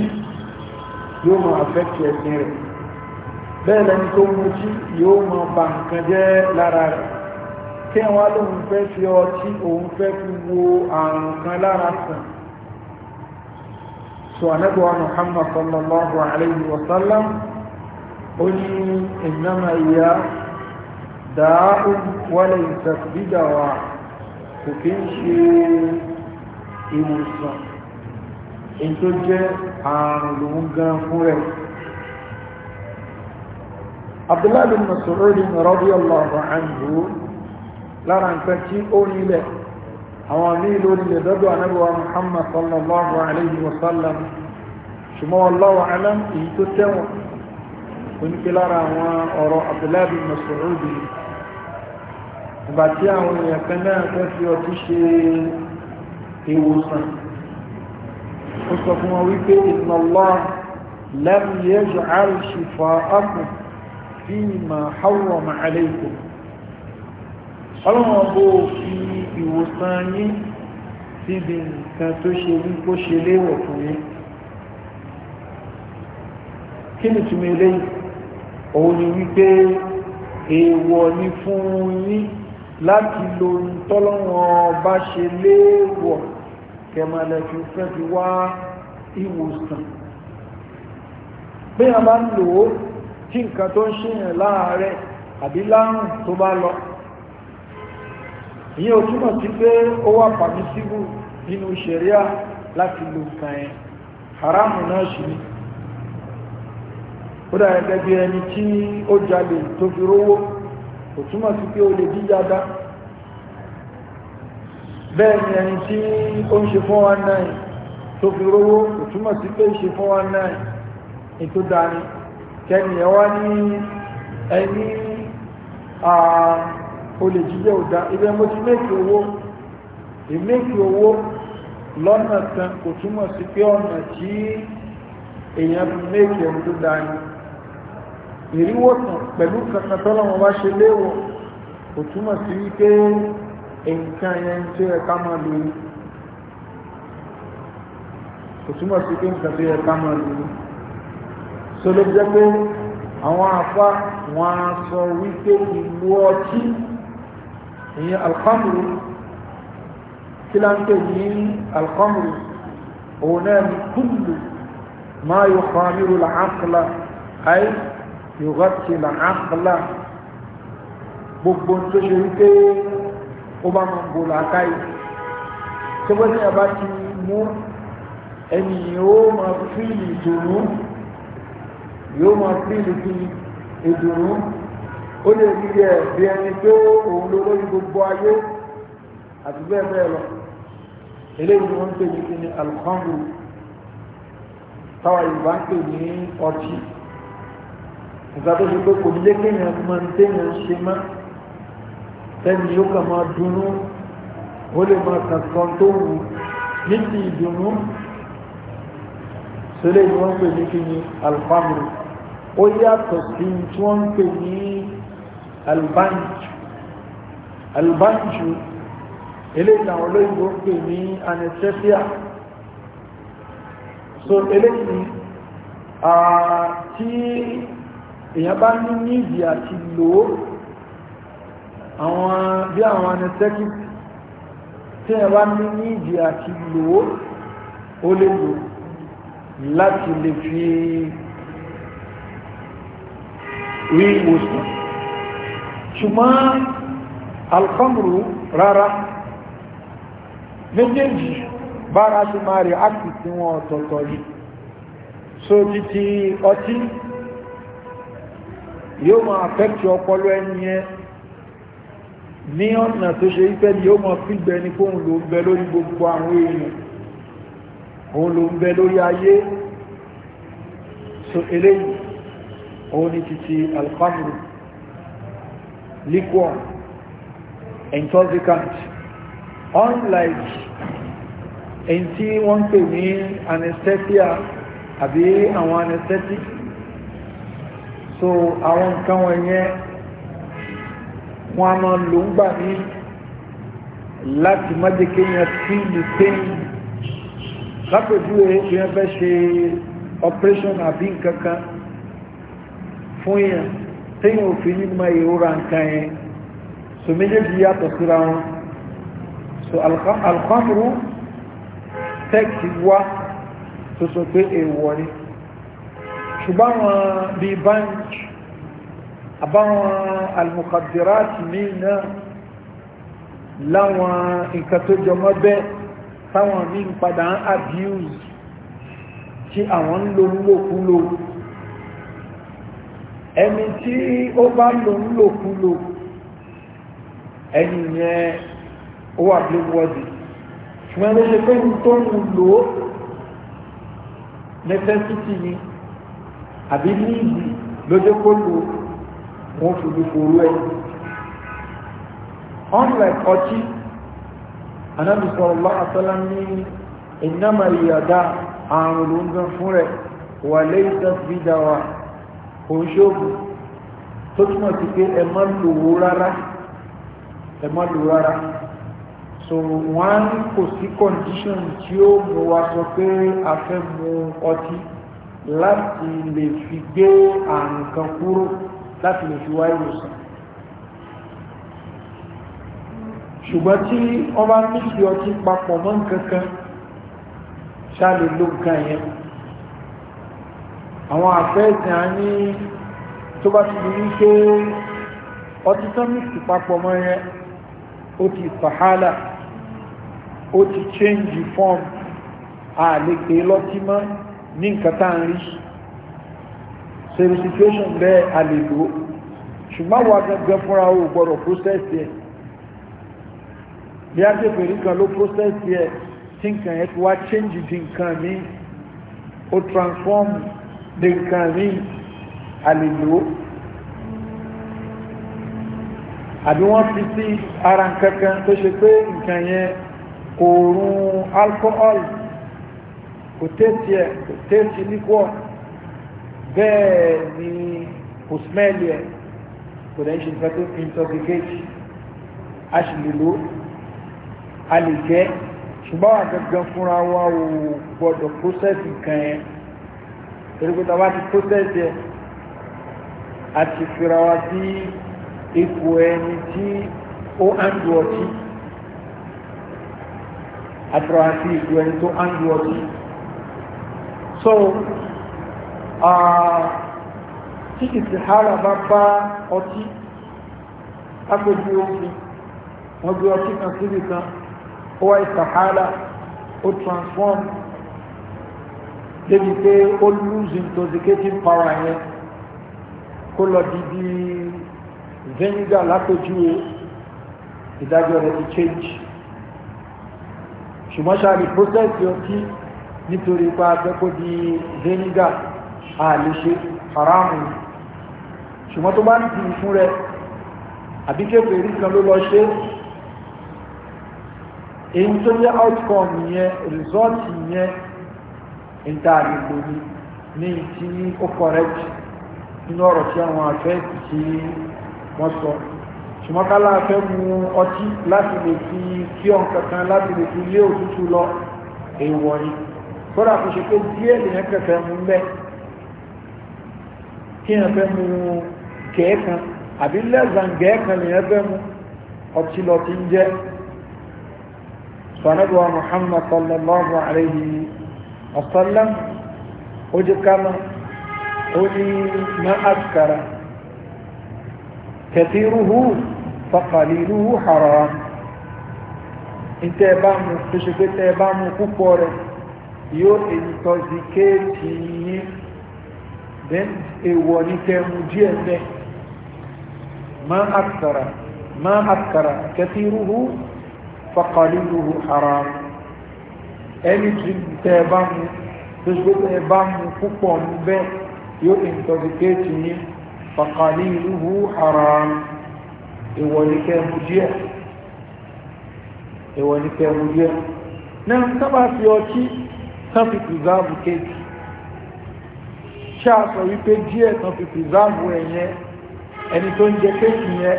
yóò máa affect ẹ̀sìn rẹ̀ bẹ́ẹ̀ lẹ́ni tó mú tí yóò máa bà nǹkan jẹ́ lára rẹ̀ kí wọ́n lóun fẹ́ fi ọtí òun fẹ́ fi wo àrùn kan lára sàn sọ anẹ́gbọ́n Muhammad sallallahu alayhi wa sallam ó ní ìnáma ìyá dáhùn wọlé ìtàkùbídà wa kò kí ń ṣe ìwòsàn èyí tó jẹ́ àrùn lòun gan fún rẹ̀ abdullahi bin masoori radiyallahu anhu lára nǹkan tí ó nílẹ̀ àwọn míì ló nílẹ̀ dọ́dọ̀ anábíwá muhammad sallallahu alayhi wa sallam ṣùgbọ́n wallahu alam èyí tó tẹ́wọ̀n oníkẹ́ lára àwọn ọ̀rọ̀ abdullahi masoori ìgbà tí àwọn èèyàn kan náà fẹ́ fi ọtí ṣe ìwòsàn ó sọ fún wọn wípé inna Allah lam yaj'al shifa'akum fima harrama alaykum ọlọ́wọ́n bó fi ìwòsàn yín síbi nǹkan tó ṣe wípó ṣe léwọ̀ fún yín kí ni túnmí eléyìí òun ni wípé èèwọ̀ ni fún yín láti lo tọ́lọ́wọ́n bá ṣe léwọ̀ fún kẹmọ̀lẹ́fí fẹ́ fi wá ìwòsàn bí a bá ń lò ó tí nǹkan tó ń ṣíyàn láàárẹ̀ àbí láàrùn tó bá lọ ìyẹn ò pé ó wà pàmí síbù nínú ṣẹ̀ríà láti lò nǹkan haramu náà ṣì ní ó ẹni tí ó jalè tó fi rówó sí pé ó lè jíjá bẹ́ẹ̀ ni ẹni tí ó ń ṣe 419 tó fi rówó ìtumọ̀ sí pé ṣe 419 ní tó dání kẹni ẹ wá ní ẹni olè jíjẹ́ òdá ibẹ̀ mo ti méèkì owó ìméèkì owó lọ́nà kan kò túmọ̀ sí pé ọ̀nà tí èèyàn fi méèkì ẹni tó dání ìríwòsàn pẹ̀lú kankan tọ́lọ́wọ́n bá ṣe léwọ̀ kò túmọ̀ sí wípé nǹkan yẹn tí ẹ ká máa lò ní kò túmọ̀ sí pé nǹkan tí ẹ ká máa lò ní so ló jẹ́ pé àwọn afá wọn á sọ wípé ìlú ọtí ìyẹn alhamdu kí la pè ní alhamdu òun náà ní kúlù máa yóò fàmìlú làákìlá àì yóò gàtì làákìlá gbogbo tó ṣe wípé ó bá máa ń bo làákàyè tó bá ní àbá ti mú ẹni ó máa fíìlì ìdùnnú yóò máa fíìlì bí ìdùnnú ó lè rí ẹ bí ẹni tó òun ló lórí gbogbo ayé àti bẹ́ẹ̀ bẹ́ẹ̀ lọ eléyìí ni ń pè ní kíni alhamdu táwa yorùbá ń pè ní ọtí ìgbà tó ṣe pé kò ní jẹ́ kéèyàn máa ń téèyàn ṣe máa tẹ́ni yóò kà máa dunú ó lè máa kàkan tó wù ní ti ìdùnnú sílé ni wọ́n pè ní kí ni alfamru ó yàtọ̀ sí tí wọ́n pè ní albanju albanju eléyìí àwọn olóyìnbó pè ní anesthesia so eléyìí tí èèyàn bá ní níbi àti lòó àwọn bí àwọn anesthetic tí ẹ bá ní ní ìdí àti lòó ó lè lò láti lè fi rí ìwòsàn ṣùgbọ́n alkhamru rárá méjèèjì bára ṣe máa rí ákì tí wọ́n ọ̀tọ̀ọ̀tọ̀ yìí so títí ọtí yóò máa affect ọpọlọ ẹni yẹn ní ọ̀nà tó ṣe ipẹ́ ni ó mọ̀ fígbẹ ní kó ń lo ń bẹ lórí gbogbo àwọn èèyàn òun lo ń bẹ lórí ayé so eléyìí òun ni títí alkhamru liquor intoxicant unlike èyí tí wọ́n pè ní anesthesia àbí àwọn anesthetic so àwọn nǹkan wọ̀nyẹn wọ́n a máa lò ń gbà ní láti májèké yẹn tí lè tẹ́yìn lápẹ̀júwe èèyàn fẹ́ ṣe operation àbí nkankan fún èèyàn tẹ́yìn òfin ní ma ìrora nǹkan yẹn so méjèèjì yàtọ̀ síra wọn so alkhamru tẹ́kì wá tó sọ pé èèwọ̀ ni ṣùgbọ́n àwọn bíi báńkì àbáwọn almukadiraati míì náà láwọn nǹkan tó jọmọ́ bẹ́ẹ̀ táwọn míì padà ń abuse tí àwọn ń lo ńlòkulò ẹni tí ó bá lo ńlòkulò ẹni yẹn ó wà bí wọ́dì ṣùgbọ́n ló ṣe pé ní tó ń lò ó necessity ni àbí níìdì lójókòó lò wọ́n fojú forú ẹ̀ unlike ọtí anábì sọ̀rọ̀lá àtọ́lá ní ìnáma ìyàdá àrùn ló ń gan fún rẹ̀ wà lẹ́yìn tẹ́fìdà wa kò ń ṣóògùn tó túnmọ̀ sí pé ẹ má lòó rárá so wọ́n kò sí condition tí ó mú wa sọ pé a fẹ́ mu ọtí láti lè fi gbé àrùn kan kúrò láti lè fi wá ìwòsàn ṣùgbọ́n tí wọ́n bá ní kí ọtí papọ̀ mọ́ nǹkankan ṣá lè ló nǹkan yẹn àwọn àfẹ́ẹ̀sìn á ní tó bá ti di wípé ọtí tán ní kí papọ̀ mọ́ yẹn ó ti fàhálà ó ti change form a lè pè lọ́tí mọ́ ní nǹkan tá ń rí sí sẹ́rí situation bẹ́ẹ̀ a lè lò ṣùgbọ́n wà gangan fúnra o gbọ́dọ̀ process yẹ bí a ṣe pèrè kan ló process yẹ tí nǹkan yẹn ti wá change di nǹkan mi ó transform di nǹkan mi a lè lò àbí wọ́n fi sí ara nǹkan tó ṣe pé nǹkan yẹn kò run alcohol kò tẹ́tì ẹ̀ kò tẹ́tì liquor bẹ́ẹ̀ ni kò ẹ̀ kò dẹ̀ ń a sì lè lò a lè jẹ́ ṣùgbọ́n wà gangan fúnra wa ò gbọ́dọ̀ process nǹkan ẹ̀ torí pé tàbá ti process ẹ̀ a ti fira wa sí ipò ẹni tí ó áńdù ọtí a fira wa sí ipò ẹni tó áńdù ọtí so tí ìsìnkára bá bá ọtí lápẹjú òfin wọ́n gbé ọtí kan síbi kan ó wá ìsìnkára ó transform débi pé ó lose intoxicating power yẹn kó lọ di bí vinegar lápẹjú ìdájọ́ rẹ̀ ti change ṣùgbọ́n ṣáà ní process ọtí nítorí pa akẹ́kọ̀ọ́ di vinegar a lè ṣe haramu ṣùgbọ́n tó bá ń dì fún rẹ àbí kéferì kan ló lọ ṣe èyí tó yẹ outcome yẹn result yẹn ìta àgbègbè ni ní tí ó correct nínú ọ̀rọ̀ tí àwọn afẹ́ tí wọ́n sọ ṣùgbọ́n kálá afẹ́ mu ọtí láti lè fi kí ọ̀n kankan láti lè fi lé òtútù lọ èèwọ̀ ni kódà kò ṣe pé díẹ̀ lèyàn kẹfẹ́ mú bẹ́ẹ̀ kí èèyàn fẹ́ mu gẹ̀ẹ́kan àbí lẹ́sàn gẹ̀ẹ́kan lèèyàn fẹ́ mu ọtí lọ ti ń jẹ́ sọ̀nàbíwá muhammad sallallahu alayhi wa sallam ó jẹ́ kánà ó ní ma'askara kẹtìrúhù fàkàlìrúhù haram ìtẹ́ bá mú tó ṣe pé tẹ́ bá mú púpọ̀ rẹ̀ yóò èyí tọ́ sí kéèkì yìí then èèwọ̀ ní kẹmu díẹ̀ mẹ́ ma akara ma akara kathiruhu faqaliluhu haram ẹni tí tẹ́ bá mu tó ṣe tẹ́ bá mu púpọ̀ mú bẹ́ẹ̀ yóò intoxicate yín faqaliluhu haram èèwọ̀ ní kẹmu díẹ̀ èèwọ̀ ní kẹmu díẹ̀ náà sábà fi ọtí sáfi preserve cake ṣáà sọ wípé díẹ̀ tán fi pìzáàmù ẹ̀yẹn ẹni tó ń jẹ kéèkì yẹn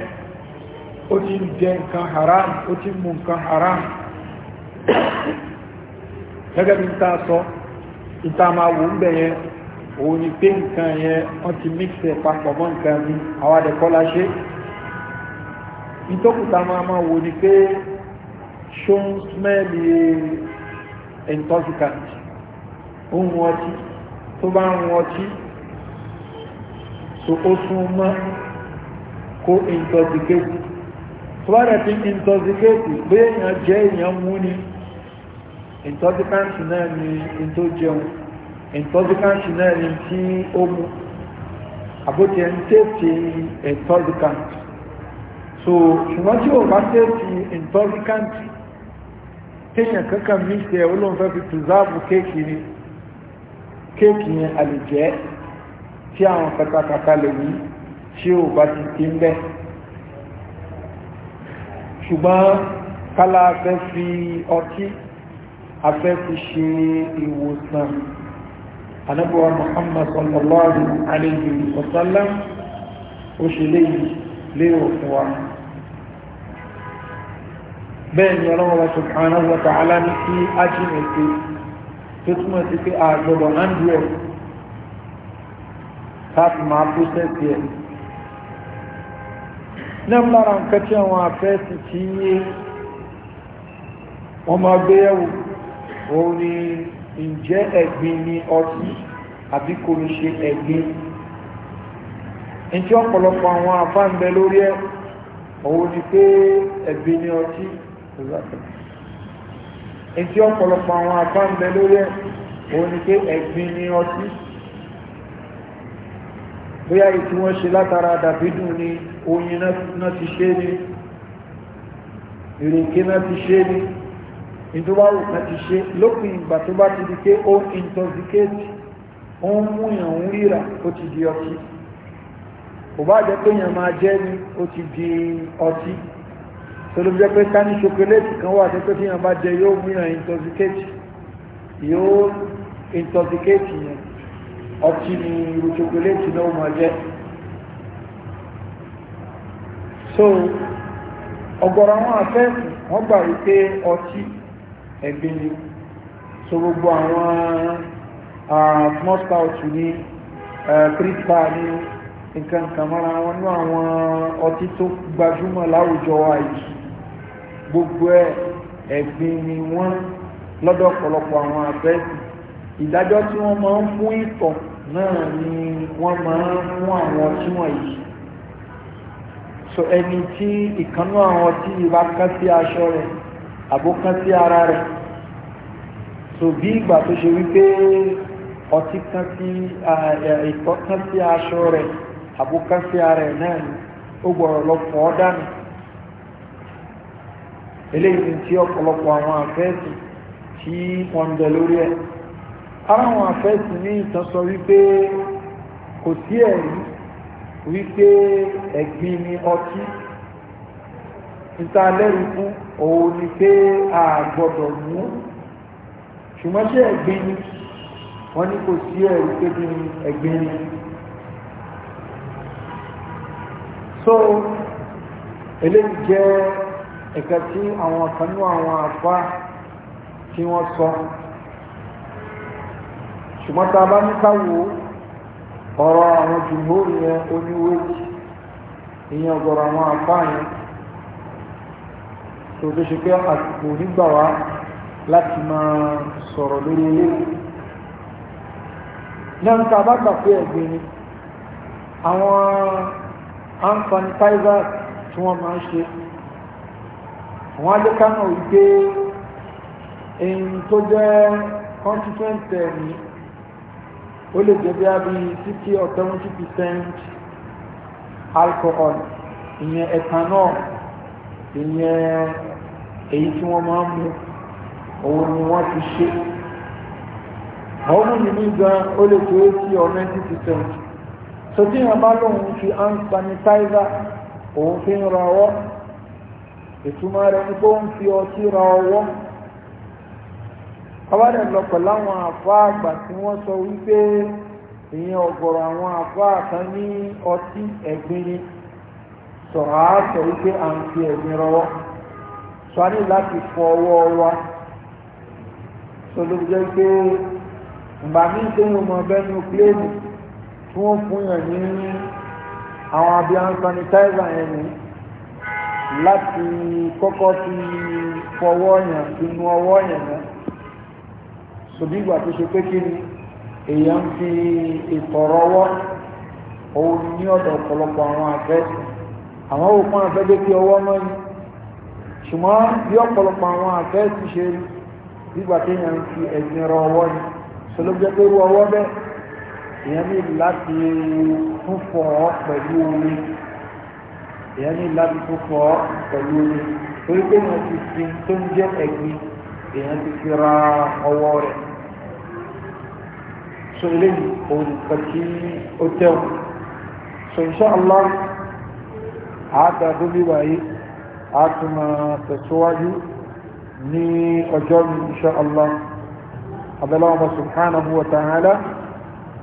ó ti ń jẹ nǹkan haram ó ti ń mu nǹkan haram gẹ́gẹ́ bí ta sọ ìta máa wò ń bẹ̀ yẹn òun ni pé nǹkan yẹn wọ́n ti mixẹ̀ papọ̀ mọ́ nǹkan mi àwọn àdẹ̀kọ́lá ṣe ìtọ́kùta máa máa wò ni pé ṣó ń smẹ́ẹ̀lì intoxicant ohun ọtí tó bá ń mu ọtí so ó sún mọ́ kó intoxicate tó bá rẹ̀ ti intoxicate pé èèyàn jẹ́ èèyàn mú ni intoxicant náà ni in tó jẹun intoxicant náà ni tí ó mu àbótí ẹ̀ ń tètè intoxicant so ṣùgbọ́n tí ó bá tètè intoxicant téèyàn kankan mí ṣe olóńfẹ́ fi preserve kéèkì ni kéèkì yẹn a lè jẹ́ tí àwọn katakata lè wí tí ò bá ti ti ń bẹ́ ṣùgbọ́n kálá fẹ́ fi ọtí afẹ́ fi ṣe ìwòsàn anábọ̀wà Muhammad sallallahu alayhi wa sallam ó ṣe léyìí léèrò wa bẹ́ẹ̀ ni ọlọ́wọ́ wa ta'ala ní kí ájínà pé tó túmọ̀ sí pé àgbọ̀dọ̀ hundred láti máa process yẹ náà lára nǹkan tí àwọn afẹ́sì tí wọ́n máa gbé yẹ̀wò òun ni ǹjẹ́ ẹ̀gbin ni ọtí àbí kò ní ṣe ẹ̀gbin ǹjẹ́ ọ̀pọ̀lọpọ̀ àwọn afáǹbẹ lórí ẹ̀ òun ni pé ẹ̀gbin ni ọtí etí ọ̀pọ̀lọpọ̀ àwọn abáǹbẹ lórí ẹ̀ òun ni pé ẹ̀gbin ni ọtí bóyá èyí tí wọ́n ṣe látara dàbídùn ni oyin náà ti ṣe ni ìrèké náà ti ṣe ni ìdúbáwò náà ti ṣe lópin ìgbà tó bá ti di pé ó intoxicate ó ń mú èèyàn ń ríra ó ti di ọtí kò bá jẹ́ pé èèyàn máa jẹ́ ni ó ti di ọtí tolu jẹ́ pé ká ní ṣokoléètì kan wà tó fi hàn bá jẹ yóò mìíràn intoxicate yóò intoxicate yẹn ọtí ni irú ṣokoléètì náà máa jẹ so ọ̀gọ̀rọ̀ àwọn afẹ́ẹ̀sì wọ́n gbà wípé ọtí ẹ̀gbin ni so gbogbo àwọn small stout ní kírísítà ní nǹkan kan mọ́ra wọn ní àwọn ọtí tó gbajúmọ̀ láwùjọ wa yìí gbogbo ẹ ẹ̀gbin ni wọ́n lọ́dọ̀ ọ̀pọ̀lọpọ̀ àwọn àfẹ́sì ìdájọ́ tí wọ́n máa ń fún ìtọ̀ náà ni wọ́n máa ń mú àwọn tí wọ́n yìí so ẹni tí ìkànnú àwọn tí ìbá kán sí aṣọ rẹ̀ àbó kán sí ara rẹ̀ so bí ìgbà tó ṣe wípé ọtí kán sí ìtọ̀ kán sí aṣọ rẹ̀ àbó kán sí ara rẹ̀ náà ni ó gbọ́dọ̀ lọ fọ́ dànù eléyìí tí ọ̀pọ̀lọpọ̀ àwọn àfẹ́ẹ̀sì tí wọ́n ń bẹ lórí ẹ̀ ara àwọn àfẹ́ẹ̀sì ní ìtàn sọ wípé kò sí ẹ̀rí wípé ẹ̀gbin ni ọtí níta lẹ́rù fún òun ni pé a gbọ́dọ̀ mú ṣùgbọ́n ṣé ẹ̀gbin ni wọ́n ní kò sí ẹ̀rí pé ní ẹ̀gbin ni so eléyìí jẹ́ ẹ̀ka tí àwọn kanú àwọn àpá tí wọ́n sọ ṣùgbọ́n tá a bá ní káwò ọ̀rọ̀ àwọn jùmọ́rù yẹn oníwèjì ìyẹn ọ̀gọ̀rọ̀ àwọn àpá yẹn tó tó ṣe pé àsìkò nígbà wá láti máa sọ̀rọ̀ lórí ilé náà tá bá gbà pé ẹ̀gbìn ni àwọn hand tí wọ́n máa ń ṣe wọ́n á lé kánò wípé èyí tó jẹ́ constituent ẹ̀mí ó lè jẹ́ bí a bí sixty or seventy percent alcohol ìyẹn ethanol ìyẹn èyí tí wọ́n máa ń mu òun ni wọ́n ti ṣe ọdún yìí gan ó lè tó eighty or ninety percent so tí yàn bá lóun fi hand sanitizer òun fi ń ra ọwọ́ ìtumọ̀ rẹ̀ ní pé ń fi ọtí ra ọwọ́ kọ́wádẹ̀ lọ́pọ̀ láwọn àfá àgbà tí wọ́n sọ wípé èyàn ọ̀gọ̀rọ̀ àwọn àfá àkan ní ọtí ni sọ̀rọ̀ wípé à ń fi sọ ní láti fọ ọwọ́ wa sọ ló jẹ́ pé ìgbà míì tó mọ tí wọ́n láti kọ́kọ́ ti fọwọ́ yàn inú ọwọ́ yàn náà sòdígbà tó ṣe pé kí ni èèyàn fi ìtọ̀rọwọ́ òun ní ọ̀dọ̀ ọ̀pọ̀lọpọ̀ àwọn àfẹ́sì àwọn òpin àfẹ́dé kí ọwọ́ mọ́ ni ṣùgbọ́n bí ọ̀pọ̀lọpọ̀ àwọn àfẹ́sì ṣe rí nígbà tí èèyàn fi ẹ̀gbin rọ ọwọ́ ni sọlọ́ jẹ́ pé irú ọwọ́ bẹ́ẹ̀ èèyàn ní láti tún pẹ̀lú omi èèyàn ní láti tó fọ pẹ̀lú omi torí pé wọ́n ti fi tó ń jẹ́ ẹ̀gbin èèyàn ti fi ra ọwọ́ rẹ̀ so eléyìí òun nìkan tí ó tẹ̀wọ̀n so inṣàlá àádá dóbi wáyé àtúmọ̀ tẹ̀síwájú ní ọjọ́ mi inṣàlá abẹ́láwọn subhanahu wa ta'ala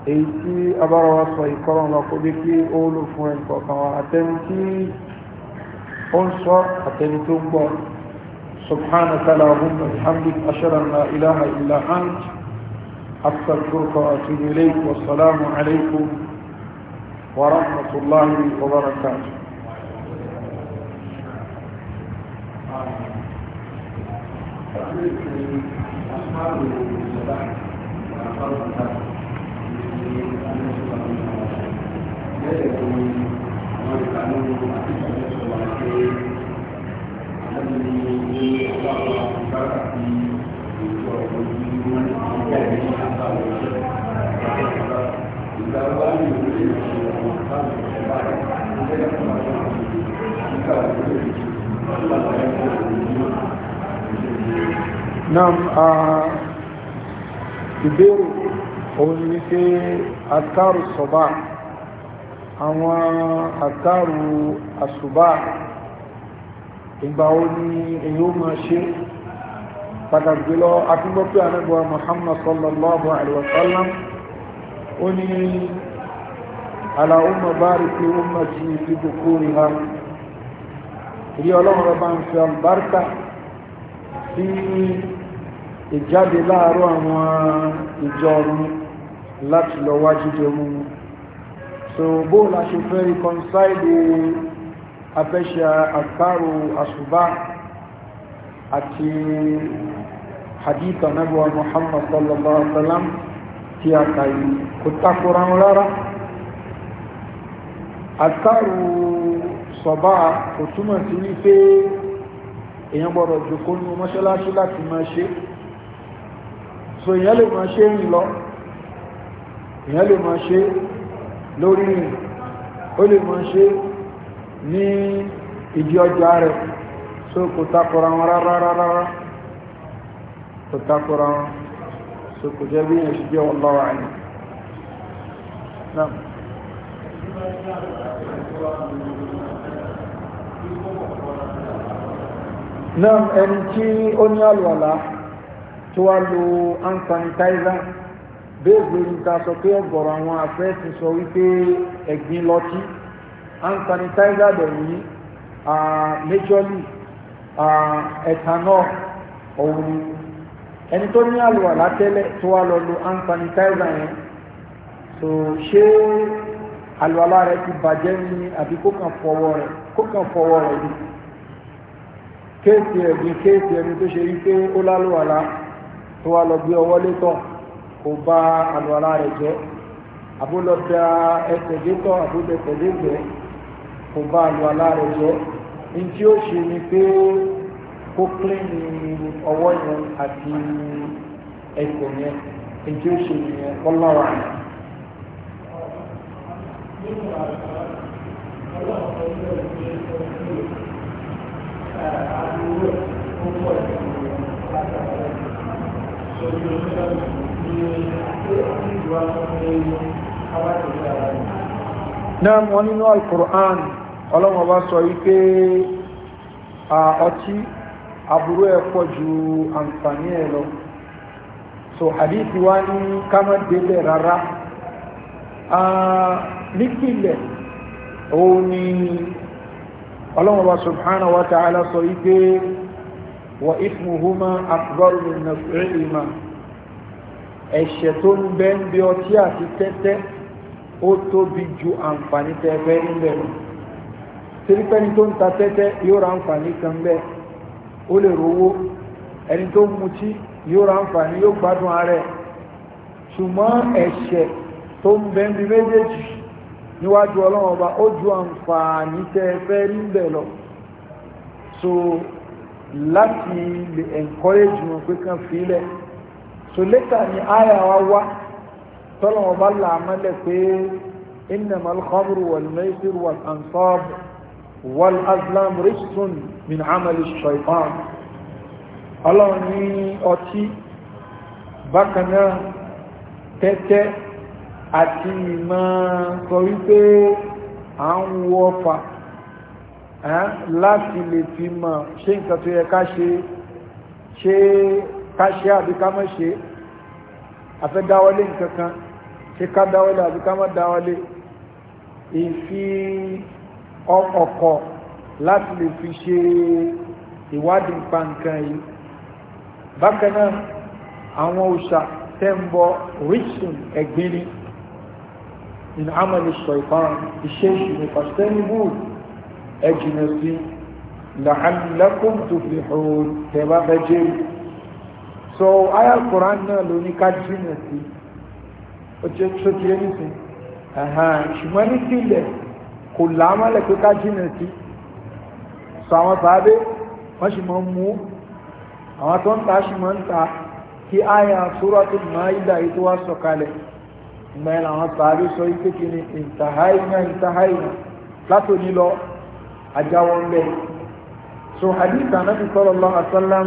èyí tí abára wa sọ ìkọ́rọ̀ lọ kó bí kí ó lò fún ẹ̀kọ́ kan wa àtẹni tí ó ń sọ àtẹni tó ń gbọ́ subhanaka allahumma bihamdik Thank you. Nam, ah ìbéèrè òun ni wípé àtàrù sọ̀bá àwọn àtàrù àṣùbá ìgbà wo ni èyí ó máa ṣe pàtàkì jùlọ àtúgbọ́ pé ànágbà Muhammad sallallahu alaihi wasallam ó ní aláhùnmọ̀ bá rí pé ó máa ti fi kòkó rí ha rí ọlọ́run rẹ̀ bá ń fi albarka sí ìjáde láàárọ̀ àwọn ìjọ ọ̀run láti lọ wá jíjẹ mú so bóò la ṣe fẹ́ reconcile afẹ́ṣẹ́ àkàrò àṣùbá àti hadith anabuwa muhammad sallallahu alaihi wasallam tí a kà yìí kò takora rárá àkàrò sọ̀bá kò túmọ̀ sí wípé èyàn gbọ́dọ̀ jòkó nínú mọ́ṣáláṣí láti máa ṣe so èyàn lè máa ṣe ń lọ èyàn lè máa ṣe lórí rìn ó lè máa ṣe ní ìdí ọjà rẹ̀ so kò takora wọn rárá rárá kò takora wọn so kò jẹ́ bí èyàn ṣe jẹ́ wọn lọ́wọ́ àyìn náà náà ẹni tí ó ní àlùwàlá tó wá lo hand bẹ́ẹ̀ lórí ta sọ pé ọ̀gọ̀rọ̀ àwọn afẹ́ ti sọ wípé ẹ̀gbin lọ́tí hand sanitizer dẹ̀ yìí majorly ethanol ọ̀hún ẹni tó ní àlùwàlá tẹ́lẹ̀ tó wá lọ lo hand sanitizer yẹn so ṣé àlùwàlá rẹ̀ ti bàjẹ́ ní àbí kó kàn fọwọ́ rẹ̀ kó kàn ni kéèsì ẹ̀gbin kéèsì ẹni tó ṣe wípé ó lálùwàlá tó wá lọ gbé ọwọ́ létọ̀ kò bá àlùwàlá rẹ̀ jẹ́ abúlọ́dà ẹ̀tẹ̀gẹ́tọ̀ abúlẹ̀tẹ̀lẹ́gbẹ̀ kò bá àlùwàlá rẹ̀ jẹ́ in tí ó ṣe ni pé kó kílẹ̀ ní ọwọ́ yẹn àti ẹ̀kọ́ yẹn in tí ó ṣe ni ọlọ́wà Thank you. náà wọ́n nínú alkùrán ọlọ́wọ́n bá sọ wípé ọtí aburú ẹ̀ pọ̀ ju àǹfààní ẹ̀ lọ so hadithi wa ní kámọ́ délẹ̀ rárá nípìnlẹ̀ òun ni ọlọ́wọ́n subhanahu wa ta'ala sọ wípé wa ifmuhuma akbaru min naf'ihima ẹ̀ṣẹ̀ tó ń bẹ ń bí ọtí àti tẹ́tẹ́ ó tóbi ju àǹfààní tẹ́fẹ́ níbẹ̀ lọ tẹ́lifẹ́ni tó ń ta tẹ́tẹ́ yóò ra àǹfààní kan bẹ́ẹ̀ ó lè rówó ẹni tó ń mutí yóò ra àǹfààní yóò gbádùn ààrẹ ṣùgbọ́n ẹ̀ṣẹ̀ tó ń bẹ ń bí méjèèjì níwájú ọlọ́run ọba ó ju àǹfààní tẹ́fẹ́ níbẹ̀ lọ so láti lè encourage wọn pé kan fi lẹ́ẹ̀ so later ni aya wa wá tọ́lọ́wọ́ bá là á mọ́lẹ̀ pé innama al-khamru wal-maisir wal-ansab wal-azlam rijsun min amali shaitan ọlọ́run ní ọtí bákan náà tẹ́tẹ́ àti ìmọ̀ sọ wípé à ń wo ọfà láti lè fi mọ̀ ṣé nǹkan tó yẹ ká ṣe ṣe ká ṣe àbí ká mọ́ ṣe afẹ́ dáwọ́lé nkankan ṣe ká dáwọ́lé àbí ká mọ́ dáwọ́lé ìfi ọkọ̀ láti lè fi ṣe ìwádìí pa nǹkan yìí bákan náà àwọn òòṣà tẹ́ǹbọ̀ ríṣùn ẹ̀gbin ni nínú sọ ìfarahàn iṣẹ́ ìṣúná pàṣẹ́nìbù ẹ̀jìnà sí làálàkùn tó fi hàn tẹ̀bá fẹ́ jẹ́rìí so ayal quran náà ló ní ká jìnà sí ó jẹ́ tó ti yé nìsín ṣùgbọ́n ní sílẹ̀ kò lámọ́lẹ̀ pé ká jìnà sí so àwọn sàábé wọ́n sì mọ́ mú àwọn tó ń ta sì mọ́ ń ta kí aya suratul maida yìí tó wá sọ̀kalẹ̀ mẹ́rin àwọn sàábé sọ yìí kékeré ìntàháìnà ìntàháìnà látòní lọ ajáwọ́ ń bẹ̀ so hadith anabi sallallahu alaihi wasallam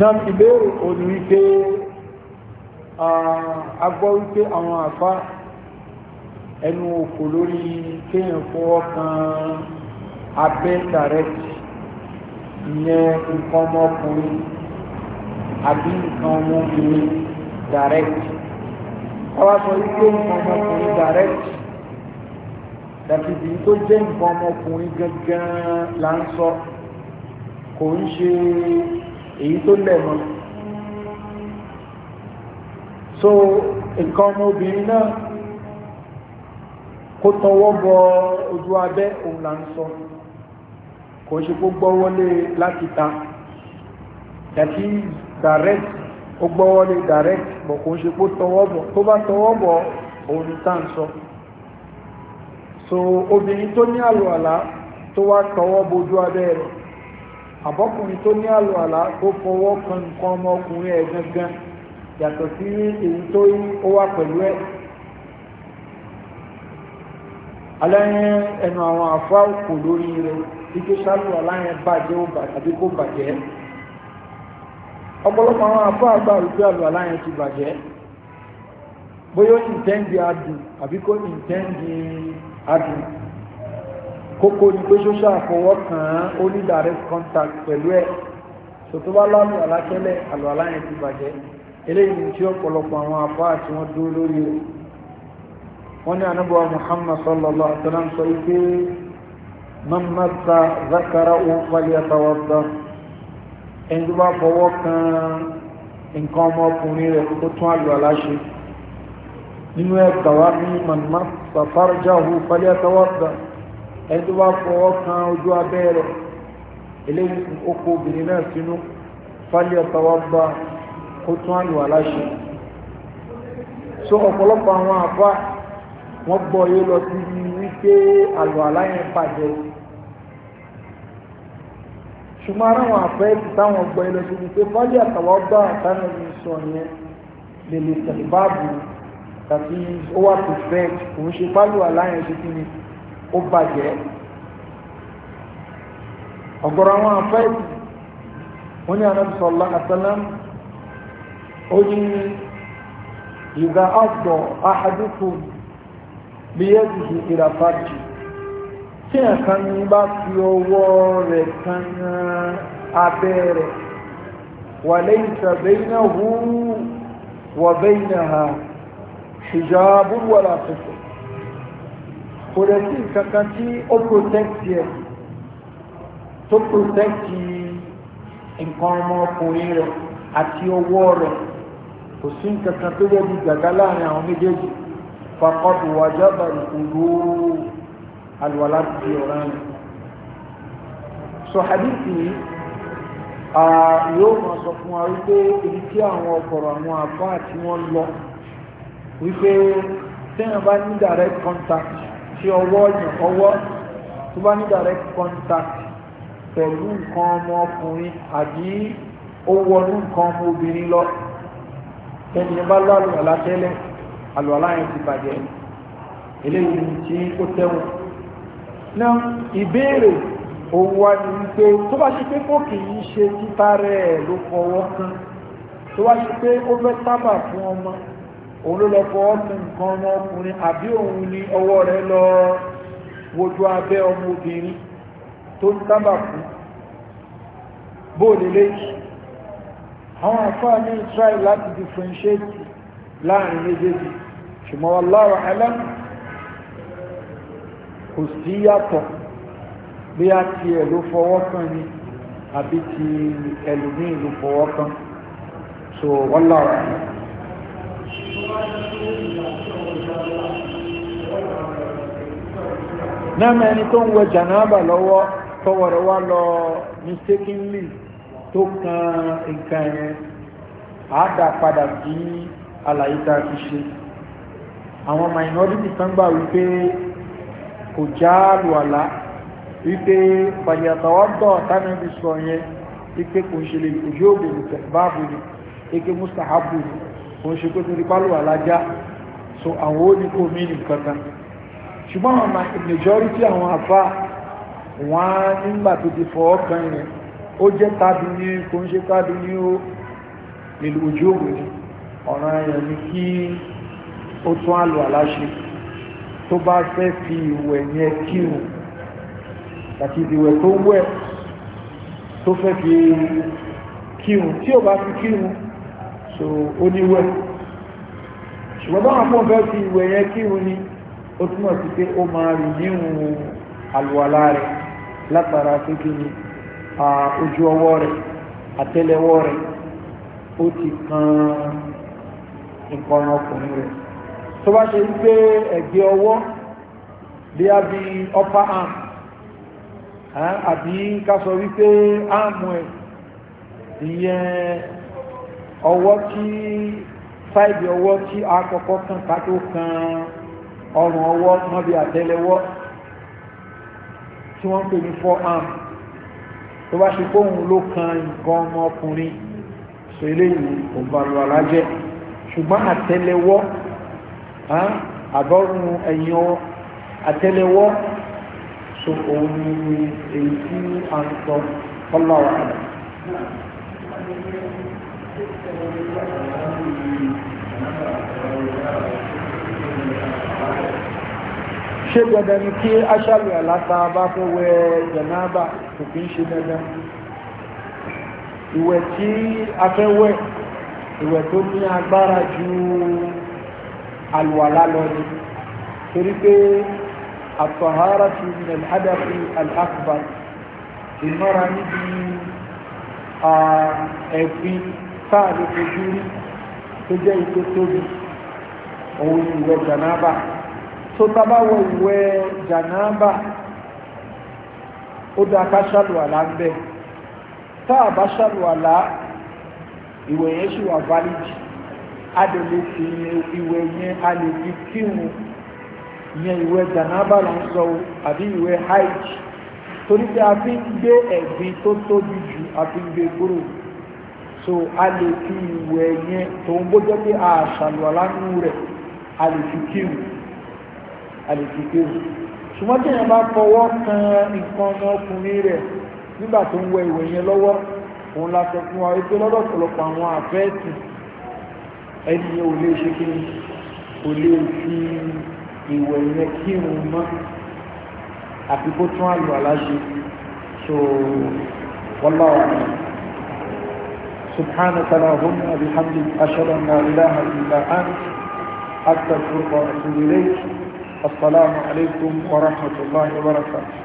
náà ìbéèrè òní wípé agbọ́ wípé àwọn àfá ẹnu òkò lórí kéèyàn fọwọ́ kan abẹ́ dàrẹ́tì ìyẹn nǹkan ọmọkùnrin àbí nǹkan ọmọbìnrin dàrẹ́tì ọwá sọ wípé nǹkan ọmọkùnrin dàrẹ́tì dàbíbi tó jẹ́ nǹkan ọmọkùnrin gangan là ń sọ kò ń ṣe èyí tó lẹ̀ mọ́ so nǹkan ọmọbìnrin náà kó tọwọ́ bọ ojú abẹ́ òun là ń sọ kò ṣe kó gbọ́ wọlé láti ta dàbí direct ó gbọ́ wọlé direct bọ̀ kò ṣe kó tọwọ́ bọ̀ tó bá tọwọ́ bọ̀ òun tá ń sọ so obìnrin tó ní àlọ́ àlá tó wá tọwọ́ bojú abẹ́ rẹ̀ àbọ́kùnrin tó ní àlùwàlá tó fọwọ́ kan nǹkan ọmọkùnrin ẹ̀ gangan yàtọ̀ sí èyí tó ó wà pẹ̀lú ẹ̀ aláyẹn ẹnu àwọn àfá òkò lórí rẹ̀ ike sálù aláyẹn bàjẹ́ ó bàjẹ́ àbí kó bàjẹ́ ọ̀pọ̀lọpọ̀ àwọn àfá àgbà rúgbé àlù aláyẹn ti bàjẹ́ bóyá ó ní ìtẹ́ǹdì adùn àbí kó ní ìtẹ́ǹdì adùn kókó ni pé ṣóṣà àfọwọ́kàn án ó ní direct contact pẹ̀lú ẹ̀ tòtò bá lálù alákẹ́lẹ̀ àlọ́ aláyẹn ti bàjẹ́ eléyìí tí ọ̀pọ̀lọpọ̀ àwọn afá àti wọn dúró lórí rẹ̀ wọ́n ní anábọ̀ muhammad sallallahu alaihi wa sọ wípé mamata zakara ó falẹ̀ àtàwọ̀dọ̀ ẹni tó bá fọwọ́ kan nǹkan ọmọkùnrin rẹ̀ tó tún àlù aláṣẹ nínú ẹgbàá wa ní mamata farjahu falẹ̀ àtàwọ̀dọ̀ ẹni tó bá fọwọ́ kan ojú abẹ́ rẹ̀ eléyìí oko obìnrin náà sínú fálẹ̀ ọ̀tàwà gba kó tún àlù aláṣẹ so ọ̀pọ̀lọpọ̀ àwọn àbá wọ́n gbọ́ yé lọ sí wípé àlù aláyẹn bàjẹ́ ṣùgbọ́n aráwọn àfẹ́ ti táwọn gbọ́ yé lọ sí wípé fálẹ̀ ọ̀tàwà gba àtàwọn ẹni sọ yẹn lè lè tẹ̀lé báàbù tàbí ó wà perfect òun ṣe pálù aláyẹn ṣe kí ni ó bàjẹ́ ọ̀gọ̀rọ̀ àwọn àfẹ́ẹ̀sì wọ́n ní anábìsọ̀lá àtàlám ó ní ìgbà àgbọ̀ àhàdùkù bí yẹ́ ti ṣe ìràfàjì tí ẹ̀kan ní bá fi ọwọ́ rẹ̀ kan abẹ́ rẹ̀ wà lẹ́yìn tàbẹ́yìn náà wà bẹ́yìn náà ṣìjábùn wà láfẹ́fẹ́ kò rẹ̀ sí kankan tí ó protect ẹ̀ tó protect nǹkan ọmọkùnrin rẹ̀ àti ọwọ́ rẹ̀ kò sí kankan tó yẹ bí gàgá láàrin àwọn méjèèjì fàkọ́dù wàjábà ìkúrú alùwàlá ti ọ̀ràn rẹ̀ sọ hadithi yóò máa sọ fún wa wípé ibi tí àwọn ọkọ̀rọ̀ àwọn àbá àti wọn lọ wípé tí bá ní direct contact sí ọwọ́ yàn ọwọ́ tó bá ní direct contact pẹ̀lú nǹkan ọmọkùnrin àbí ó wọnú nǹkan ọmọbìnrin lọ ẹni bá lálùwàlá tẹ́lẹ̀ àlùwàlá yẹn ti bàjẹ́ eléyìí tí ó tẹ́wọ̀n náà ìbéèrè òun wá ní wípé tó bá ṣe pé kò kì í ṣe títa rẹ̀ ló fọwọ́ kan tó wá ṣe pé ó fẹ́ sábà fún ọmọ òun ló lọ fọwọ́ sí nǹkan ọmọkùnrin àbí òun ni ọwọ́ rẹ̀ lọ wojú abẹ́ ọmọbìnrin tó ń tábà fún bóòlélé àwọn àfáà ní israel láti differentiate láàrin méjèèjì ṣùgbọ́n aláwọ̀ ẹlẹ́m kò sí yàtọ̀ bí a ti ẹ̀ ló fọwọ́ kan ni àbí ti ẹlòmíì ló fọwọ́ so wọ́n láwọ̀ ẹlẹ́m náà ẹni tó ń wẹ jànáàbà lọ́wọ́ tọwọ́rọ̀ wá lọ mistakenly tó kan nǹkan yẹn àádà padà sí àlàyé tá a ti ṣe àwọn minority kan gbà wípé kò já lù àlá wípé pàdéyàtọ̀wọ́dọ̀ tánàbí sọ yẹn wípé kò ń ṣe lè kò yóò bèrè báàbù ni eke mustahabu ni kò ń ṣe pé torí pálọ̀ alájá so àwọn ó ní kò mí nìkan kan ṣùgbọ́n àwọn majority àwọn àfá wọ́n á nígbà tó ti fọ́ ọkàn rẹ̀ ó jẹ́ tábí ní kò ń ṣe tábí ní ó ìlú ojú òwò ni ọ̀ràn ẹ̀yàn ni kí ó tún àlò aláṣẹ tó bá fẹ́ fi ìwẹ̀ yẹn kírun àti ìwẹ̀ tó wẹ̀ tó fẹ́ fi kírun tí ò bá fi kírun so ó níwẹ̀ ṣùgbọ́n báwọn fún ọ̀gá ti ìwẹ̀ yẹn kírun ni ó túmọ̀ sí pé ó máa rìn níhun àlùwàlá rẹ̀ látara pé kí ni ojú ọwọ́ rẹ̀ àtẹ́lẹwọ́ rẹ̀ ó ti kan nǹkan ọkùnrin rẹ̀ tó bá ṣe wípé ẹ̀gbẹ́ ọwọ́ bí a bí upper arm àbí ká sọ wípé arm ẹ̀ ìyẹn ọwọ́ tí sáìdì ọwọ́ tí a kọ́kọ́ kan ká tó kan ọrùn ọwọ́ mọ́bí àtẹ́lẹwọ́ tí wọ́n ń pè ní forearm tó bá ṣe kóhun ló kan nǹkan ọmọkùnrin so eléyìí kò balùwà lájẹ́ ṣùgbọ́n àtẹ́lẹwọ́ àbọ̀rùn ẹ̀yìn àtẹ́lẹwọ́ so òun ni èyí tí a ń sọ fọ́láwà rẹ̀ ṣé dandan ni kí aṣáàlù àláta bá fẹ́ wẹ jẹ̀náàbà kò kí ń ṣe dandan ìwẹ̀ tí a fẹ́ wẹ̀ ìwẹ̀ tó ní agbára ju àlùwàlá lọ ni torí pé àtọ̀hárà ti nà ládàfi àlàkùbà ìmọ̀ra níbi ẹ̀gbin táà lè fojú rí tó jẹ́ ìtó tóbi òun ni ìwẹ̀ jànáàbà tó tábà wọ ìwẹ̀ jànáàbà ó dá ká ṣàlùwàlá ń bẹ táà bá ṣàlùwàlá ìwẹ̀ yẹn sì wà válídì a lè lè fi ìwẹ̀ yẹn a lè fi kírun yẹn ìwẹ̀ jànáàbà ló ń sọ àbí ìwẹ̀ hajj torí pé a fi ń gbé ẹ̀gbin tó tóbi jù a fi ń gbé kúrò so a lè fi ìwẹ̀ yẹn tó ń bójọ́ pé a ṣàlùwàlá nù rẹ̀ a lè fi kírun a lè fi kírun ṣùgbọ́n tí èèyàn bá fọwọ́ kan nǹkan ọmọkùnrin rẹ̀ nígbà tó ń wẹ ìwẹ̀ yẹn lọ́wọ́ òun la sọ fún wa wípé lọ́dọ̀ ọ̀pọ̀lọpọ̀ àwọn àfẹ́ẹ̀tì ẹni ò lè ṣe kí ni kò lè fi ìwẹ̀ yẹn kírun mọ́ àfi tún àlùwàlá ṣe so wọ́n láwọn àná. سبحانك اللهم بحمدك أشهد أن لا إله إلا أنت أستغفرك وأتوب إليك السلام عليكم ورحمة الله وبركاته